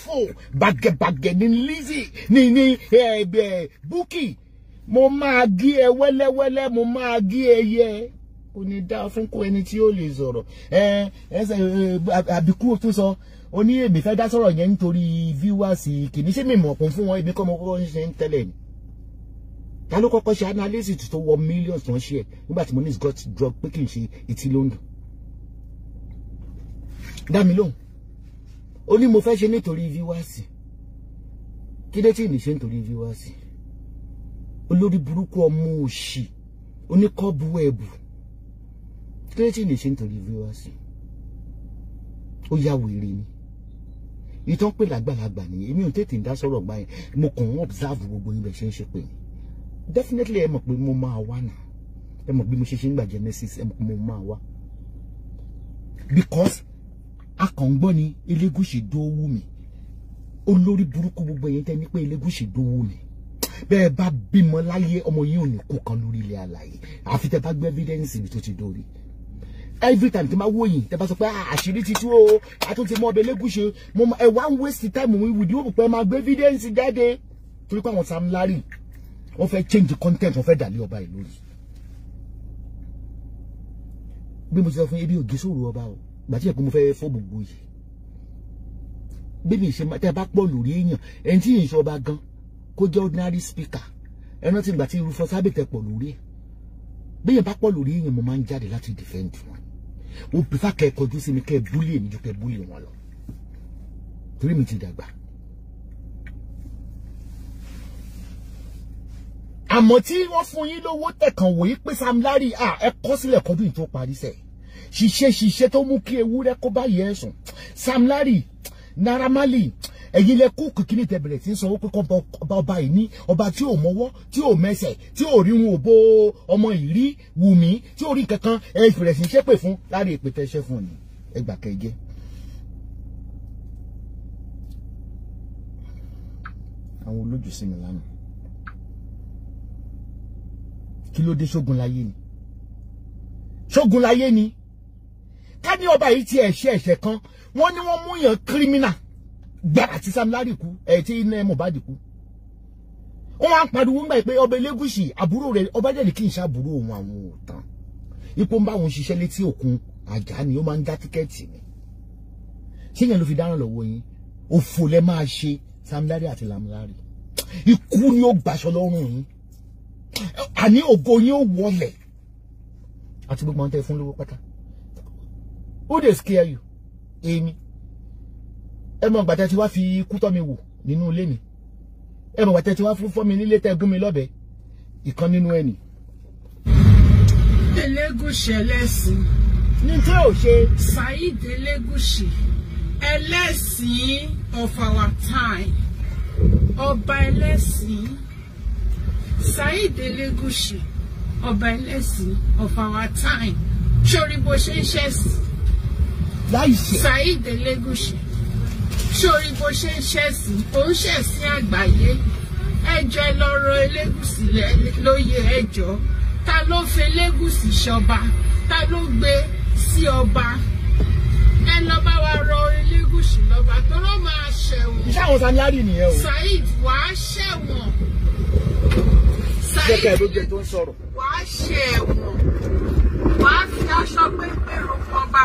fò bàgẹ̀bàgẹ̀ ní Lizzy ní ní Bukky mo máa gé ẹ wẹ́lẹ́wẹ́lẹ́ mo máa gé ẹ yẹ ó ní dá fún kó ẹni tí ó lè sọ̀rọ̀ ẹ ẹsẹ̀ àbíkú tún sọ ó ní èmi fẹ́ dá sọ̀rọ̀ yẹn viewers kìíní ṣé mi mọ̀ kún fún wọn èmi kọ́ mo kọ́kọ́ ń ṣe ń tẹ́lẹ̀ ni ta ló kọ́kọ́ ṣe analysis tó wọ millions tó share. ṣe ẹ̀ nígbà mo ní got drug pé kì í ṣe ìtì mi lóhùn ó ní mo fẹ́ ṣe nítorí fíwáàsì kí dé tí ìní ṣe nítorí fíwáàsì olórí burúkú ọmọ òṣì oníkọ́bù ẹ̀bù kí dé tí ìní ṣe nítorí fíwáàsì ó yá wèrè ni ìtàn pé lágbàlagbà ni èmi ò tètè ń dá sọ̀rọ̀ gbà yẹn mo kàn ń observe gbogbo yín ṣe ń ṣe pé definitely ẹ mọ̀ pé mo máa wá nà ẹ mọ̀ pé mo ṣe ṣe ń gbà genesis ẹ mọ̀ pé mo máa wá because akọ̀ǹgbọ́n ni Elégùṣì dówó mi olórí burúkú gbogbo yẹn tẹ́ ní pé dówó mi bẹ́ẹ̀ bá bímọ láyé ọmọ yìí ò ní kó kan lórí ilé alàyè àfi tẹ́ bá gbé evidence ibi tó ti dórí every time tí ma wò yín bá sọ pé ah, àṣírí ti tú o a ti mọ ọbẹ̀ Elégùṣì mo ẹ wá ń waste time mi wìdí ó pẹ́ máa gbé evidence jáde torí pé àwọn Sam Larry wọ́n fẹ́ change content wọ́n fẹ́ dàlé ọba ìlú rí bí mo ti sọ fún yín ebi ò gé ọba o gbàtí ẹ̀kọ́ mo fẹ́ fọ́ gbogbo yìí bébí ìṣe tẹ́ bá pọ̀ lórí èèyàn ẹni tí ìṣọba gan kó jẹ́ ordinary speaker ẹni tí gbàtí irúfọ́ sábẹ̀tẹ̀ pọ̀ lórí ẹ̀ bẹ́yẹn bá pọ̀ lórí èèyàn mo máa ń jáde láti defend wọn mo prefer kẹ́ ẹ kọjú sí mi kẹ́ ẹ búlì èmi ju kẹ́ ẹ búlì wọn lọ torí mi ti dàgbà. àmọ́ tí wọ́n fún yín lówó tẹ̀kàn wòye pé Sam Larry ẹ kọ́ sílẹ̀ kọdún ìtó parí sẹ́yìn ṣiṣẹ́ ṣiṣẹ́ tó mú kí ewúrẹ́ kó bá yẹ ẹ̀sùn Sam Larry Naira Marley ẹ̀yin lẹ kó kìkìnì tẹ̀bẹ̀rẹ̀ tí ń sanwó pé kọ́ ọba ọba yìí ní ọba tí ò mọ́wọ́ tí ò mẹsẹ̀ tí ò rí wọn òbó ọmọ ìrí wùmí tí ò rí kankan ẹ bẹ̀rẹ̀ sí ṣépè fún láàrin èpè ṣẹ́ fún ọ ẹgbà kẹjẹ. àwọn olójú mi lánàá kí ló dé ṣógun láyé ni ṣógun láyé ni ká ní ọba yìí ti ẹ̀ṣẹ̀ ẹ̀ṣẹ̀ kan wọ́n ní wọ́n mú yàn kírímínà gbàrà tí Sam Larry kú ẹ̀ tí iná Mohbad kú wọ́n wá ń pariwo ńgbà pé ọba Elégùṣì àbúrò rẹ̀ ọba jẹ́rìí kì í ṣàbúrò òun àwọn òòtàn ipò ń bá òun ṣiṣẹ́ létí òkun àjà ni ó máa ń dá tíkẹ́ẹ̀tì ni ṣé yẹn ló fi dáràn lọ́wọ́ yín òfò lẹ máa ṣe Sam Larry àti Lam Larry ikú ni ó gbaṣọ lọ́rùn yín àní ògo yín ó wọlẹ̀ àti gbogbo àwọn tẹ́ fún lówó pátá who dey scare you èmi ẹ mọ gbàtẹ tí wá fi ikú tọ́ mi wò nínú ilé mi ẹ mọ gbàtẹ tí wá fún mi nílé tẹ́ gún mi lọ́bẹ ìkan nínú ẹni. Elégùṣì ẹlẹ́sìn. ní tí ò ṣe. Saheed Elégùṣì ẹlẹ́sìn of our time ọba ẹlẹ́sìn Saheed Elégùṣì ọba ẹlẹ́sìn of our time sórí bó ṣe ń ṣẹ̀sìn láìṣẹ̀. Saheed Elegushi sórí bó ṣe ń ṣẹ̀sìn ó ń ṣẹ̀sìn àgbáyé ẹjọ́ ẹ lọ́rọ̀ Elegushi lóye ẹjọ́ ta ló fi Elegushi ṣọba ta ló gbé sí ọba ẹ lọ bá wa rọ Elegushi lọ́ba tó ló máa ṣẹ̀wọ̀n. iṣẹ́ àwọn sani ari nìyẹn o. Saheed wàá ṣẹ̀wọ̀n. Saheed wàá ṣẹ̀wọ̀n wàá fi aṣọ pépé rò pọ̀ bá.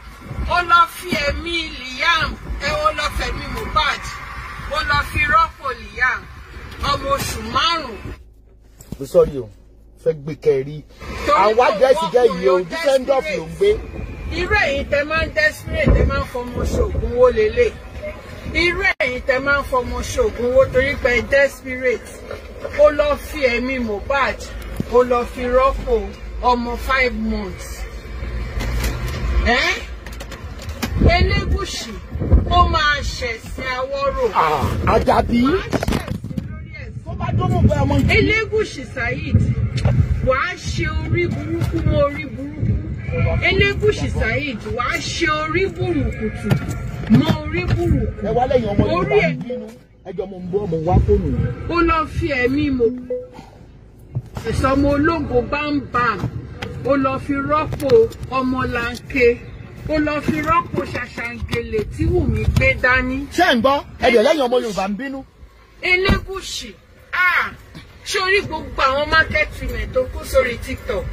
ó lọ fi ẹ̀mí Liam ẹ ó lọ fẹ̀mí Mohbad ó lọ fi rọ́pò Liam ọmọ oṣù márùn-ún. mo sọrí o fẹ́ gbé kẹrí àwa dẹ́sì jẹ́ iye o dísẹ́ńdọ̀f ló ń gbé. irú ẹ̀yin tẹ máa ń desperate tẹ máa ń fọmọ ṣoògùn owó lélẹ̀ irú ẹ̀yin tẹ máa ń fọmọ ṣoògùn owó torí pé desperate ó lọ fi ẹ̀mí Mohbad ó lọ fi rọ́pò ọmọ five months. Eh? Elégùṣì ó máa ṣẹ̀sìn Awórò. Àjàbí. Máa ṣẹ̀sìn lórí Buruku Tó bá dọ́mọ̀ bá ọmọ ìdí. Elégùṣì Saheed wàá ṣe orí burúkú mọ́ orí burúkú. Elégùṣì Saheed wàá ṣe orí burúkutù mọ́ orí burúkú. Ẹ wá lẹ́yìn ọmọ Yorùbá ń mo ń bọ́ ọmọ wá fóònù. fi ẹ̀mí mo. Ẹ̀sọ́ ọmọ ológo bámbàm. Ó kó lọ fi rọ́pò ṣàṣàǹgẹ̀lẹ̀ tí Wùmí gbé dání. ṣé ń gbọ́ ẹ̀jẹ̀ lẹ́yìn ọmọ Yorùbá ń bínú. Elégùṣì sórí gbogbo àwọn market tó kó sórí TikTok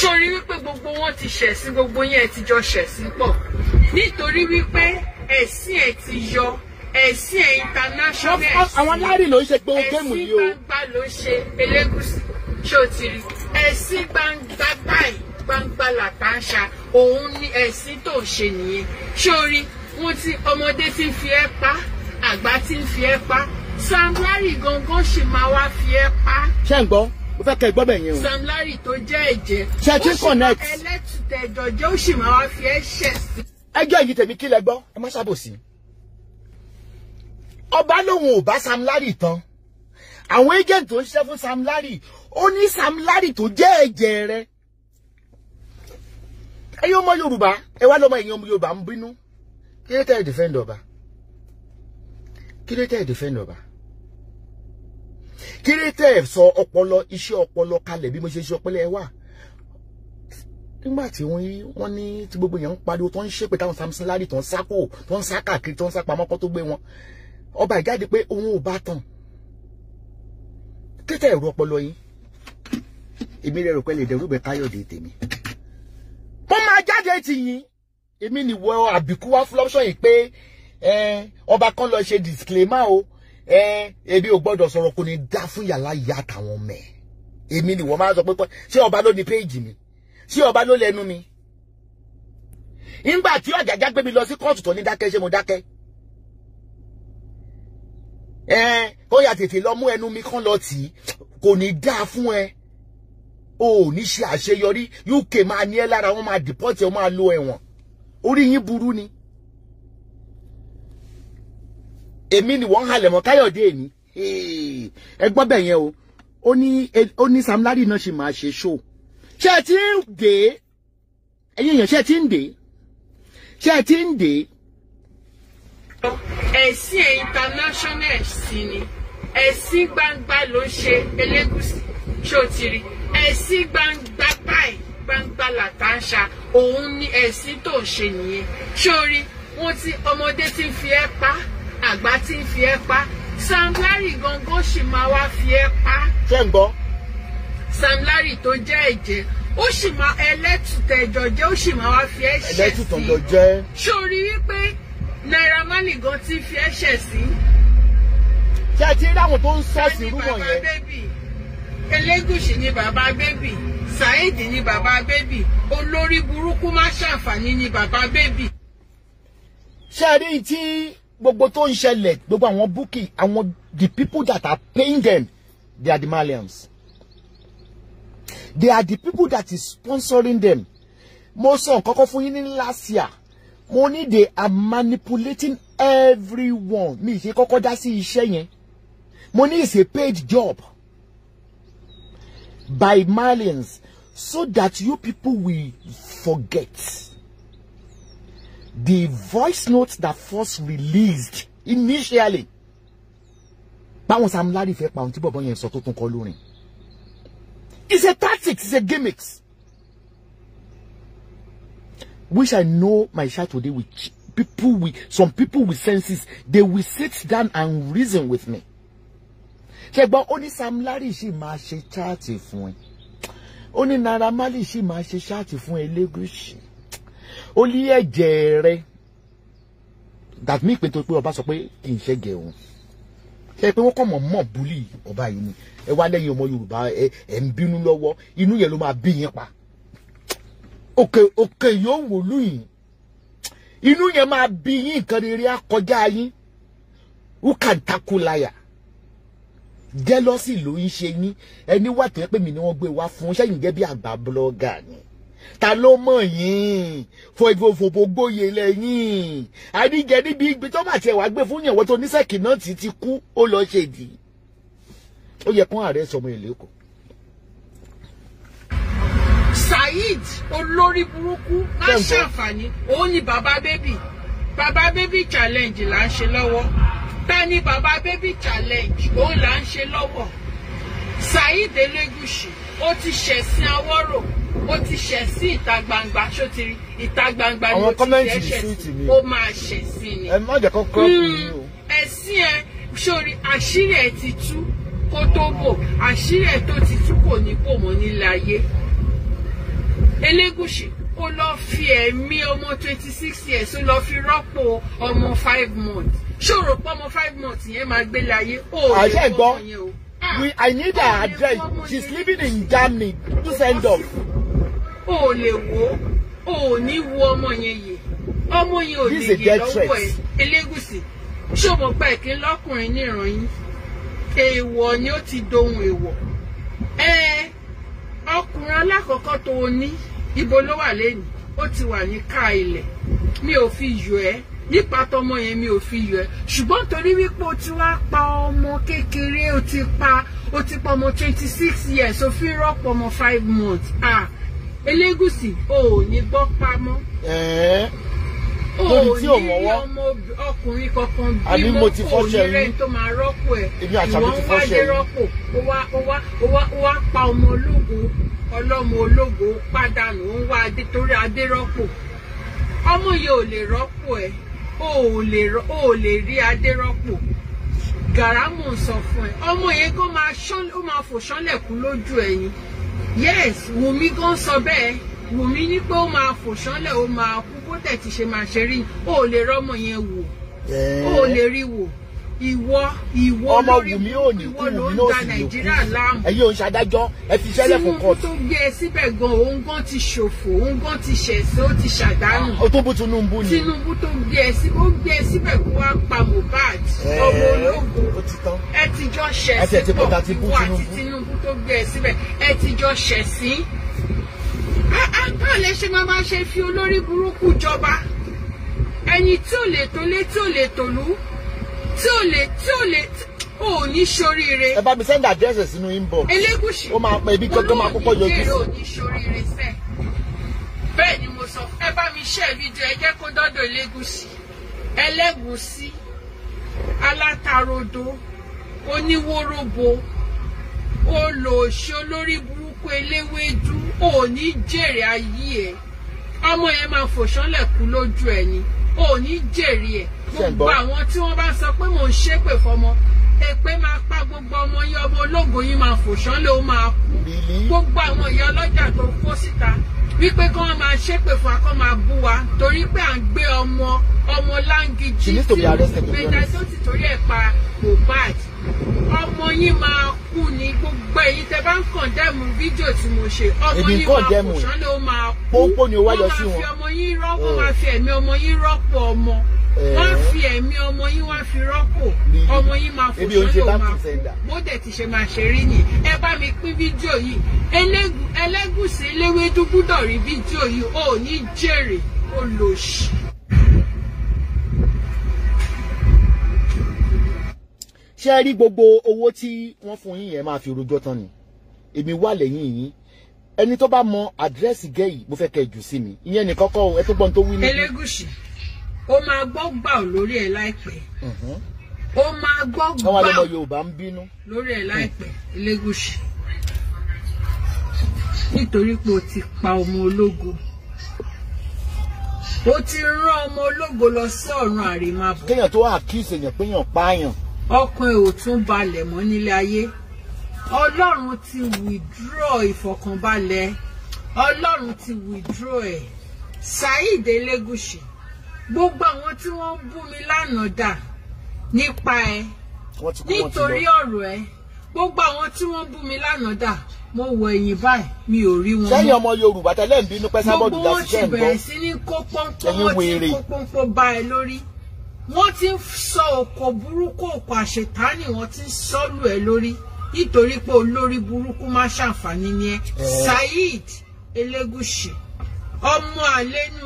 sórí wípé gbogbo wọn ti ṣẹ̀ sí gbogbo yẹn ti jọ ṣẹ̀ sí pọ̀ nítorí wípé ẹ̀sìn ẹ̀ ti yọ ẹ̀sìn ẹ̀ international ẹ̀sìn ẹ̀sìn gbangba ló ṣe Elégùṣì ṣó ti rí ẹ̀sìn gbangba báyìí gbangba làkàṣà òun ní ẹ̀sìn tó ń ṣe nìyẹn sórí wọn ti ọmọdé ti ń fi ẹ́ pa àgbà ti ń fi ẹ́ pa Sam Larry gangan ṣì máa wá fi ẹ́ pa. ṣé ń gbọ́ mo fẹ́ kẹ́ gbọ́ bẹ̀ yẹn o. Sam tó jẹ́ ẹ̀jẹ̀ ó sì máa ẹlẹ́tùtẹ̀jọ jẹ́ ó sì máa wá fi ẹ́ ṣẹ̀ sí. ẹjọ́ èyí tèmi kí lẹ gbọ́ ẹ má ṣàbòsí. ọba lòun ò bá Sam Larry tán àwọn agent tó ń ṣiṣẹ́ fún Sam ó ní Sam tó jẹ́ ẹ̀jẹ̀ rẹ̀ ẹ̀yin ọmọ yorùbá ẹ wá lọ́mọ ẹ̀yin ọmọ yorùbá ń bínú defend ọba kí defend ọba kí so tẹ́ ẹ̀ sọ ọpọlọ iṣẹ́ ọpọlọ kalẹ̀ bí mo ṣe ṣe ọpọlọ ẹ wà nígbà tí wọ́n ní tí gbogbo èèyàn ń pariwo tó ń ṣépè táwọn Samson Larry tó ń sákò tó ń sá káàkiri tó ń sá pamọ́ kó tó gbé wọn ọba ìjáde pé òun ò bá tàn kí tẹ́ ẹ̀rọ ọpọlọ yín èmi rẹ̀ rò pé lè mo máa jáde tì yín èmi nìwọ àbíkú wá fúlọ́ṣọ̀ yìí pé ọba kan lọ ṣe disclaimer o ebi ò gbọ́dọ̀ sọ̀rọ̀ kò ní dá fún yàrá ìyá àtàwọn ọmọ ẹ̀ èmi nìwọ máa sọ pé ṣé ọba ló ní péèjì mi ṣé ọba ló lẹ́nu mi nígbà tí ọ̀gàgà gbé mi lọ sí kóòtù tó ní dákẹ́ ṣé mo dákẹ́ ó yá tètè lọ mú ẹnu mi kán lọ tì í kò ní dáa fún ẹ o ò ní ṣe àṣeyọrí UK máa ní ẹ lára wọn máa dìpọ́tì ẹ máa lo ẹ̀wọ̀n orí yín burú ni èmi ni wọ́n ń halẹ̀ mọ́ Káyọ̀dé èmi ẹ gbọ́ bẹ̀ yẹn o ó ní ó ní Sam Larry náà ṣì máa ṣe ṣó ṣé ẹ ti ń dé ẹ̀yin èèyàn ṣé ẹ ti ń dé ṣé ẹ ti ń dé. ẹ̀sìn international ẹ̀sìn ni ẹ̀sìn gbangba ló ń ṣe Elégùṣì ṣó ti rí i ẹ̀sìn gbangba báyìí gbangba làtàṣà òun ni ẹ̀sìn tó ń ṣe nìyẹn sórí wọn ti ọmọdé ti fi ẹ́ pa àgbà ti fi ẹ́ pa Sam Larry gangan sì máa wá fi ẹ́ pa. ṣé ń gbọ́. Sam Larry tó jẹ́ ẹ̀jẹ̀ ó sì máa ẹlẹ́tùtẹ̀jọ jẹ́ ó sì máa wá fi ẹ́ ṣẹ̀ sí. ẹlẹ́tùtọ̀jọ jẹ́. sórí wípé Naira Marley gan ti fi ẹ́ ṣẹ̀ sí. ṣé ẹ ti rí àwọn tó ń sọ́ọ̀sì rúbọ̀ yẹn. ẹni bàbá bébì Elégùṣì ni bàbá bébì Saheed ni bàbá bébì olórí burúkú má ṣàǹfààní ni bàbá bébì. ṣé ẹ rí i tí gbogbo tó ń ṣẹlẹ̀ gbogbo àwọn búkì àwọn the people that are paying them they are the malians they are the people that is sponsoring them mo sọ nǹkan kan fún yín ní last year mo ní they are manipulating everyone mi ṣe kọ́kọ́ dá sí iṣẹ́ yẹn mo ní it's a paid job by millions, so that you people will forget the voice notes that first released initially báwọn Sam Larry fẹ́ pa ohun tí bọ̀bọ̀ yẹn sọ tó tún kọ lórin it's a tactic it's a gimmick which I know my child today with people with some people with senses they will sit down and reason with me ṣùgbọ́n ó ní Sam Larry sì máa ṣe chaati fún ẹ ó ní Naira Marley sì máa ṣe chaati fún Elégùṣì ó ní ẹ̀jẹ̀ rẹ that mean pé torí pé ọba sọ pé kì í ṣẹ́gẹ̀ òun ṣe pé wọ́n kàn mọ̀ mọ̀ búlì ọba yìí ni ẹ wá lẹ́yìn ọmọ Yorùbá ẹ ń bínú lọ́wọ́ inú yẹn ló máa bí yín pa òkè òkè yóò wòlú yìí inú yẹn máa bí yín nǹkan rere á yín who jẹ́lọ́sì ló ń ṣe yín ẹni wà tó yẹ pé mi ni wọ́n gbé wá fún sẹ́yìn jẹ́ bí àgbà blọ́gà ni ta ló mọ̀ yín fọ ìfòfòfò gbóyè lẹ́yìn àdíjẹ níbi ìgbé tó bá tiẹ̀ wá gbé fún yẹ̀wọ́ tó níṣẹ́kì náà ti ti kú ó lọ ṣèdí ó yẹ kán ààrẹ sọmọ èlé kọ. Saheed olórí burúkú má ṣàǹfààní òun ni bàbá bébì bàbá bébì challenge là ń ṣe lọ́wọ́ ta ni bàbá baby challenge òun là ń ṣe lọ́wọ́ Saheed Elegushi ó ti ṣẹ̀sìn Awórò ó ti ṣẹ̀sìn ìta gbangba ṣó ti rí ìta gbangba ló ti jẹ́ ṣẹ̀sìn ó máa ṣẹ̀sìn ni. ẹ má jẹ́ kó kọ́ mi o. Hmm, ẹ̀sìn ẹ sórí àṣírí ẹ ti tú kó tó bò àṣírí ẹ tó ti tú kò ní kò mọ́ nílé ayé Elegushi kó lọ fi ẹ̀mí ọmọ twenty six years ó lọ fi rọ́pò ọmọ five months ṣòro pé ọmọ five months yẹn máa gbé láyé ó lè fọ́ ọmọ yẹn o. Ah. I need her address. She's living in Germany. To send off. O lè wo, o ní wo ọmọ yẹn yìí. Ọmọ yẹn ò lè yè lọ́wọ́ ẹ̀. Elégùsì, ṣé o mọ̀ pé ẹ̀kí lọ́kùnrin ní ìran yín? ni ó ti dohun èèwọ̀. Ẹ ọkùnrin alákọ̀ọ́kọ́ tó o ní ibo ló wà lẹ́yìn ó ti wà ní ká ilẹ̀ mi ò fi yọ ẹ́ nípa tọmọ yẹn mi ò fi yọ ẹ́ ṣùgbọ́n torí wípé o ti wá pa ọmọ kékeré o ti pa o ti pa ọmọ twenty six years o fi rọ́pò ọmọ five months ah Elégùṣì o ò ní gbọ́ pamọ́. ẹ̀ẹ́ lórí tí ò mọ́wọ́ ọkùnrin kankan bí mọ́tò onírẹ́ tó máa rọ́pò ẹ̀ ìwọ́n wáyé rọ́pò ó wá pa ọmọ ológo ọlọ́mọ ológo pàdánù ó ń wá adé torí adé rọ́pò ọmọ yìí ò lè rọ́pò ẹ̀ ó ò lè rí adé rọ́pò gàràmù sọ fún ẹ ọmọ yẹn kó máa ṣán ó máa fò ṣánlẹ̀kùn lójú ẹ̀yìn yes Wùmí gan sọ bẹ́ẹ̀ Wùmí ní pé ó máa fò ṣánlẹ̀ ó máa kú bótẹ̀ ti ṣe máa ṣe rí o ò lè rọ́mọ yẹn wò o lè rí wò ìwọ ìwọ lórí ìwọ ló ń da nàìjíríà láàmú ẹ̀yin òun ṣàdájọ́ ẹ fi ṣẹlẹ̀ fún kọọtù. tí wọn tó gbé e síbẹ̀ gan òun gan ti ṣòfò òun gan ti ṣẹ̀ṣẹ̀ ó ti ṣàdánù. Ah, ó tó bú Tinubu ni. Tinubu tó gbé e síbẹ̀ ó gbé e síbẹ̀ kó wá pa Mohbad ọmọ ológun ẹ ti jọ ṣẹ̀sìn ìwọ àti Tinubu tó gbé e síbẹ̀ ẹ ti jọ báwo lè ṣe máa máa ṣe fi olórí burúkú jọba ẹni tí ò lè tó lé tí ò lè tòlú tí ò lè tí ò lè ò ní ṣoríire. ẹ bá mi send address sínú inbox. Elégùṣì ó máa pẹ́ ibi gangan máa kọ́kọ́ yọjú sí. olóòní ò ní ṣoríire sẹ́ bẹ́ẹ̀ ni mo sọ ẹ bá mi ṣe fídíò ẹ jẹ́ kó dọ́dọ̀ Elégùṣì ẹlẹ́gùsí alátarodo oníwóróbo olòṣì olórí burúkú oko eléwédú ò ní jèrè ayé ẹ ọmọ yẹn máa fòṣánlẹ̀ lójú ẹ ni ò ní jèrè ẹ gbogbo àwọn tí wọ́n bá sọ pé mò ń ṣépè fọmọ èpè máa pa gbogbo ọmọ yín ọmọ ológo yín máa fòṣánlẹ̀ ó máa kú gbogbo àwọn ìyá ọlọ́jà tó kó síta wípé kí wọ́n máa ṣépè fún wa máa bú wa torí pé à ń gbé ọmọ ọmọ láǹgì jí sí ìgbésẹ̀ tó ti torí ẹ̀ pa Mohbad ọmọ yín máa kú ni gbogbo ẹ̀yin tẹ́ bá ń kàn dẹ́mu fídíò tí mo ṣe ọmọ yín máa kú sọ́nà ó máa kú wọ́n máa fi ọmọ yín rọ́pò wọ́n máa fi ẹ̀mí ọmọ yín rọ́pò ọmọ wọ́n fi ẹ̀mí ọmọ yín wá fi rọ́pò ọmọ yín máa fò sọ́nà ó máa kú bó dẹ̀ ti ṣe máa ṣe rí ni ẹ bá mi pín fídíò yìí ẹlẹ́gùsí eléwédú gbúdọ̀ rí fídíò yìí ò ní jèrè olóṣì. ṣe rí gbogbo owó tí wọ́n fún yín yẹn máa fi rojọ́ tán ni èmi wà lẹ́yìn yín ẹni tó bá mọ àdírẹ́sì gẹ́yì mo fẹ́ kẹ́ jù sí mi ìyẹn ní kọ́kọ́ ẹ tó gbọ́n tó wí ní. Elégùṣì ó máa gbọ́ gbà ọ́ lórí ẹ̀ láìpẹ́ ó máa gbọ́ gbà ọ́ lórí ẹ̀ láìpẹ́ Elégùṣì nítorí pé o ti pa ọmọ ológo o ti rán ọmọ ológo lọ sí ọ̀run àrèmábọ̀. kéèyàn tó wà kí ìsèyàn péyàn pààyàn ọkàn ẹ ò tún balẹ̀ mọ́ nílé ayé ọlọ́run ti withdraw ìfọ̀kànbalẹ̀ ọlọ́run ti withdraw ẹ̀ Saheed Elegushi gbogbo àwọn tí wọ́n ń bú mi lánàá dà nípa ẹ nítorí ọ̀rọ̀ ẹ gbogbo àwọn tí wọ́n ń bú mi lánàá dà mo wọ ẹ̀yìn báyìí mi ò rí wọn. sẹ́yìn ọmọ yorùbá tẹ́lẹ̀ ń bínú pẹ́ sábọ́dù dá sí sẹ́yìn bọ́ ẹ̀yìn gbogbo wọn ti bẹ̀rẹ̀ sí ní kó pọ́npọ́n bá ẹ lórí wọ́n ti ń sọ òkò burúkú òkò àṣetánì wọ́n ti ń sọ́lù ẹ̀ lórí nítorí pé olórí burúkú má ṣàǹfààní ni ẹ Saheed Elegushi ọmọ àlè inú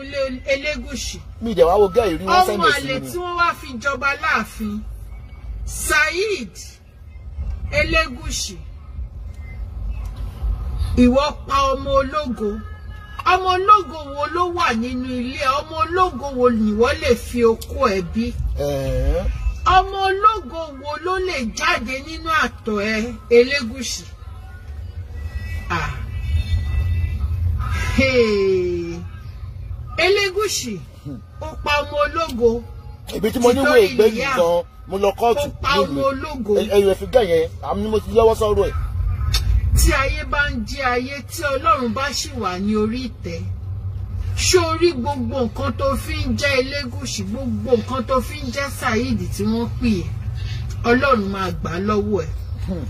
Elegushi ọmọ àlè tí wọ́n wá fi jọba láàfin Saheed Elegushi ìwọ pa ọmọ ológo ọmọ ológo wo ló wà nínú ilé ọmọ ológo wo nìwọ lè fi okó ẹ bí ọmọ ológo wo ló lè jáde nínú àtọ̀ ẹ Elégùṣì Elégùṣì hmm. ó pa ọmọ ológo ibi tí mo ní wéé gbé yìí gan mo lọ kóòtù nílùú ẹyọ ẹfigá yẹn àmì mo ti lọ́wọ́ sọ̀rọ̀ ẹ tí ayé bá ń jẹ ayé tí ọlọ́run bá sì wà ní orí ìtẹ́ sórí gbogbo nǹkan tó fi ń jẹ́ Elégùṣì gbogbo nǹkan tó fi ń jẹ́ Saheed tí wọ́n pè é ọlọ́run máa gbà á lọ́wọ́ ẹ̀ hmm.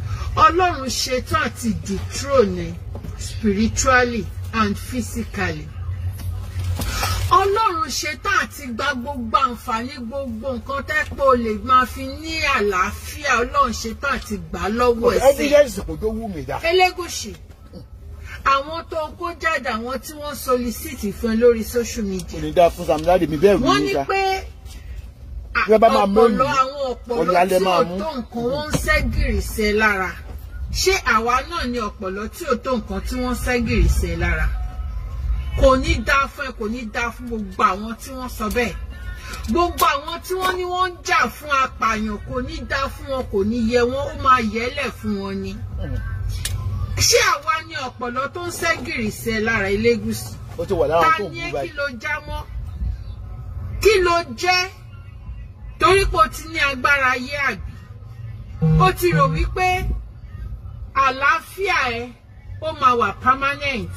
ọlọ́run ṣetán àti dìtrone spiritually and physically ọlọ́run ṣetán àti gba gbogbo àǹfààní gbogbo nǹkan tẹ́pọ̀ lè máa fi ní àlàáfíà ọlọ́run ṣetán àti gbà lọ́wọ́ ẹ̀sìn. evidence kò tó wù mí dá. Elégùṣì àwọn tó kó jáde àwọn tí wọ́n solicite fún lórí social media. kò ní dá fún samdadi mi bẹ́ẹ̀ rí mi dá. wọ́n ní pé ọpọlọ àwọn ọpọlọ tí ò tó nǹkan wọ́n ń ṣẹ́gìrì ṣe lára ṣé àwa náà ni ọpọlọ tí ò tó nǹkan tí wọ́n ń ṣẹ́gìrì ṣe lára kò ní dáa fún ẹ kò ní dáa fún gbogbo àwọn tí wọ́n sọ bẹ́ẹ̀ gbogbo àwọn tí wọ́n ní wọ́n ń jà fún apààyàn kò ní dáa fún wọn kò ní yẹ wọn ó máa yẹlẹ̀ fún wọn ni ṣé àwa ni ọ̀pọ̀lọ́ tó ń ṣẹ́gìrì sí ẹ lára Elégùṣì ta ni ẹ kí ló já mọ́ kí ló jẹ́ torí pé o ti ní agbára ayé àgbẹ̀ o ti rò wípé àlàáfíà ẹ ó máa wà permanent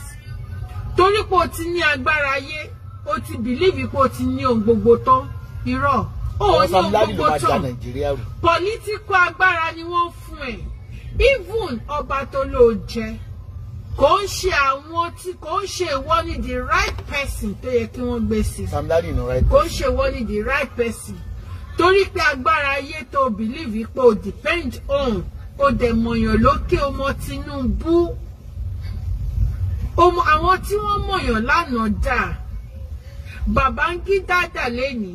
torí pé o ti ní agbára ayé o ti bìlíìfì pé o ti ní ohun gbogbo tán irọ́ o ní ohun gbogbo tán pọlítíkù agbára ni wọ́n fún ẹ̀ even ọba tó lò jẹ kò ń ṣe àwọn tí kò ń ṣe ìwọ ni the right person tó yẹ kí wọ́n gbé sí kò ń ṣe ìwọ ni the right person torí pé agbára ayé tó bìlíìfì pé o depend on o dẹ̀ mọ̀yàn lókè ọmọ Tinubu àwọn tí wọ́n mọ̀yàn lánàá dà Babangida dà lẹ́ni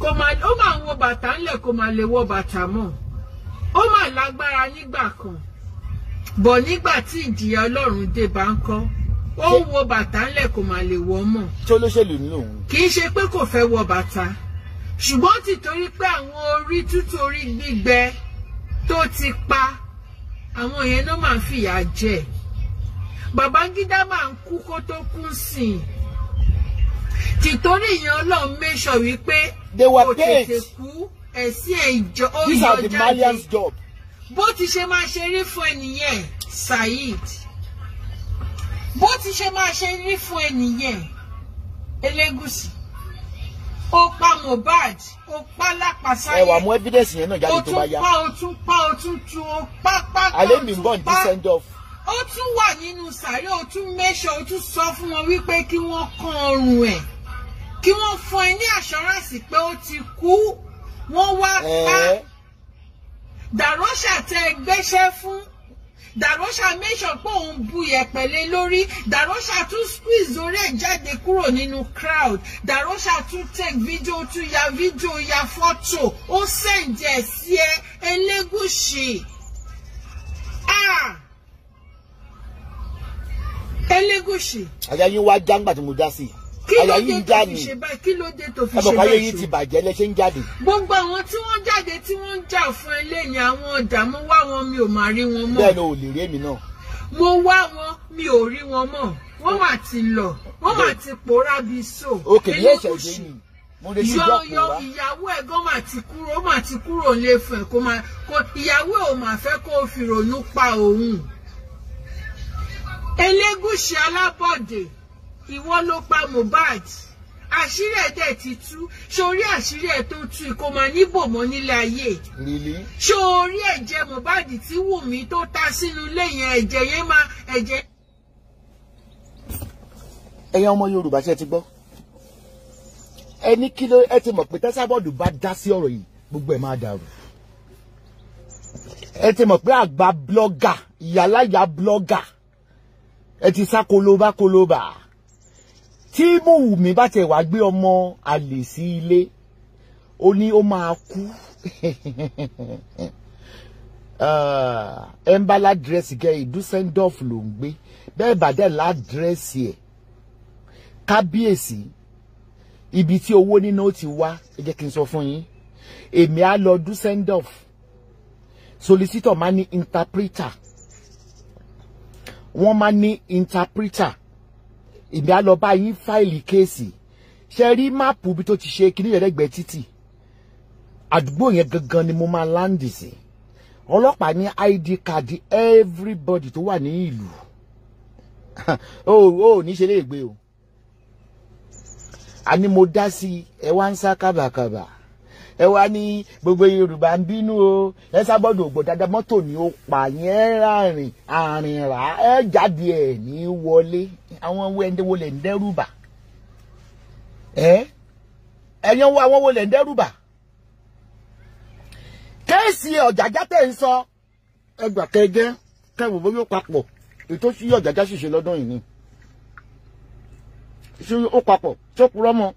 kò máa ó máa wọ bàtà ńlẹ̀ kò máa lè wọ bàtà mọ́ ó máa lágbára nígbà kan bọ̀ nígbà tí ìjìyà ọlọ́run dé bá ń kọ́ ó ń wọ bàtà ńlẹ̀ kò máa lè wọ mọ́. tí olóṣèlú ní kì í ṣe pé kò fẹ́ wọ bàtà ṣùgbọ́n tìtorí pé àwọn orí tútù gbígbẹ tó ti pa àwọn yẹn ló máa ń fìyà jẹ. Babangida máa ń kú kó tó kú sí i tìtorí ìyẹn Ọlọ́run make wípé kò tètè kú ẹ̀sìn ẹ̀jọ́ ó jáde bó ti ṣe máa ṣe rí fún ẹnìyẹn Saheed bó ti ṣe máa ṣe rí fún ẹnìyẹn Elégùṣì ó pa Mohbad ó pa lápasáyé ẹ mú evidence yẹn náà jáde tó bá yá ó tún pa ó tún pa ó tún tu ó pa pa tún pa. àlẹ́ mi ń bọ̀ ní send off ó tún wà nínú sàárẹ̀ ó tún mẹ́ṣọ̀ ó tún sọ fún wọn wípé kí wọ́n kan ọrùn ẹ̀ kí wọ́n fún ẹ ní assurance pé ó ti kú wọ́n wá pa dàrọ́ṣà tẹ gbéṣẹ́ fún dàrọ́ṣà mẹ́ṣọ̀ pé òun bu yẹ̀pẹ̀lẹ́ lórí dàrọ́ṣà tún squeeze orí ẹ̀ jáde kúrò nínú crowd dàrọ́ṣà tún take video tún ya video ya fọ́tò ó send ẹ̀ sí ẹ Elégùṣì. Ah! Elégùṣì. àyà yín wá já ńgbà tí mo já sí i àyà yìí ń já ni kí ló dé tó fi ṣe báyìí àbọ̀káyé yìí ti bàjẹ́ lẹ́sẹ̀ ń jáde. gbogbo àwọn tí wọ́n jáde tí wọ́n ń jà fún eléyìí àwọn ọ̀dààmú wá wọn mi ò máa rí wọn mọ́. bẹ́ẹ̀ ni ò lè rí èmi náà. mo wá wọn mi ò rí wọn mọ́ wọ́n mà ti lọ wọ́n mà ti pòórá bí so Elégùṣì yọ yọ ìyàwó ẹ̀ gan mà ti kúrò mà ti kúrò lé fún ẹ kó ìyàwó ẹ̀ ò mà fẹ́ kó o fìrònú pa òun. Elégùṣì Alábọ̀dé ìwọ ló pa Mohbad àṣírí ẹ̀ dẹ̀ ti tú sórí àṣírí ẹ̀ tó tu. kò mà ní bòmọ́ nílé ayé sórí ẹ̀jẹ̀ Mohbad tí Wùmí tó ta sínú ilé yẹn ẹ̀jẹ̀ yẹn máa ẹ̀jẹ̀. ẹ̀yin ọmọ Yorùbá ṣe ti gbọ́ ẹni kí ló ẹ ti mọ̀ pé tẹ́sàbọ̀dù bá dá sí ọ̀rọ̀ yìí gbogbo ẹ̀ máa dàrú ẹ ti mọ̀ pé àgbà blọ́gà ìyálàyà blọ́gà ẹ ti sá kolobá kolobá tí Mówùmí bá tẹ̀ wá gbé ọmọ àlè sí ilé ó ní ó máa kú ẹ ń bá ládírẹ́sì kẹ́ Dusseldorf ló ń gbé bẹ́ẹ̀ bá dẹ̀ ládírẹ́sì ẹ̀ kábíyèsí ibi tí owó níná ti wá ẹ jẹ́ kí n sọ fún yín èmi á lọ Dusseldorf solicitor máa ní interpreter wọ́n máa ní interpreter ìgbà lọ bá yín fáìlì kéèsì ṣe rí máàpù bí tó ti ṣe kíní ìrẹ́gbẹ̀ẹ́ títì àdúgbò yẹn gangan ni mo máa láǹdì sí ọlọ́pàá ní id card everybody tó wà ní ìlú o ò ní ṣe léègbé o àní mo dá sí ẹ wá ń sá kábàkàbà ẹ wá ní gbogbo Yorùbá ń bínú o ẹ sábọ́dọ̀ ògbò dáadáa mọ́tò ni ó pa yẹn rárìn àrìn rà ẹ jáde ẹ ní wọlé àwọn wẹ́ndẹ́wọ́ lẹ̀ ń dẹ́rùbà ẹ ẹ̀yàn wo àwọn wo lẹ̀ ń dẹ́rùbà kéèsì ọ̀jàjà tẹ̀ ń sọ ẹgbà kẹgẹ́ kẹwò bóyá papọ̀ ètò sí ọ̀jàjà ṣìṣe lọ́dún yìí ni ṣé ó papọ̀ tó purọ́ mọ́.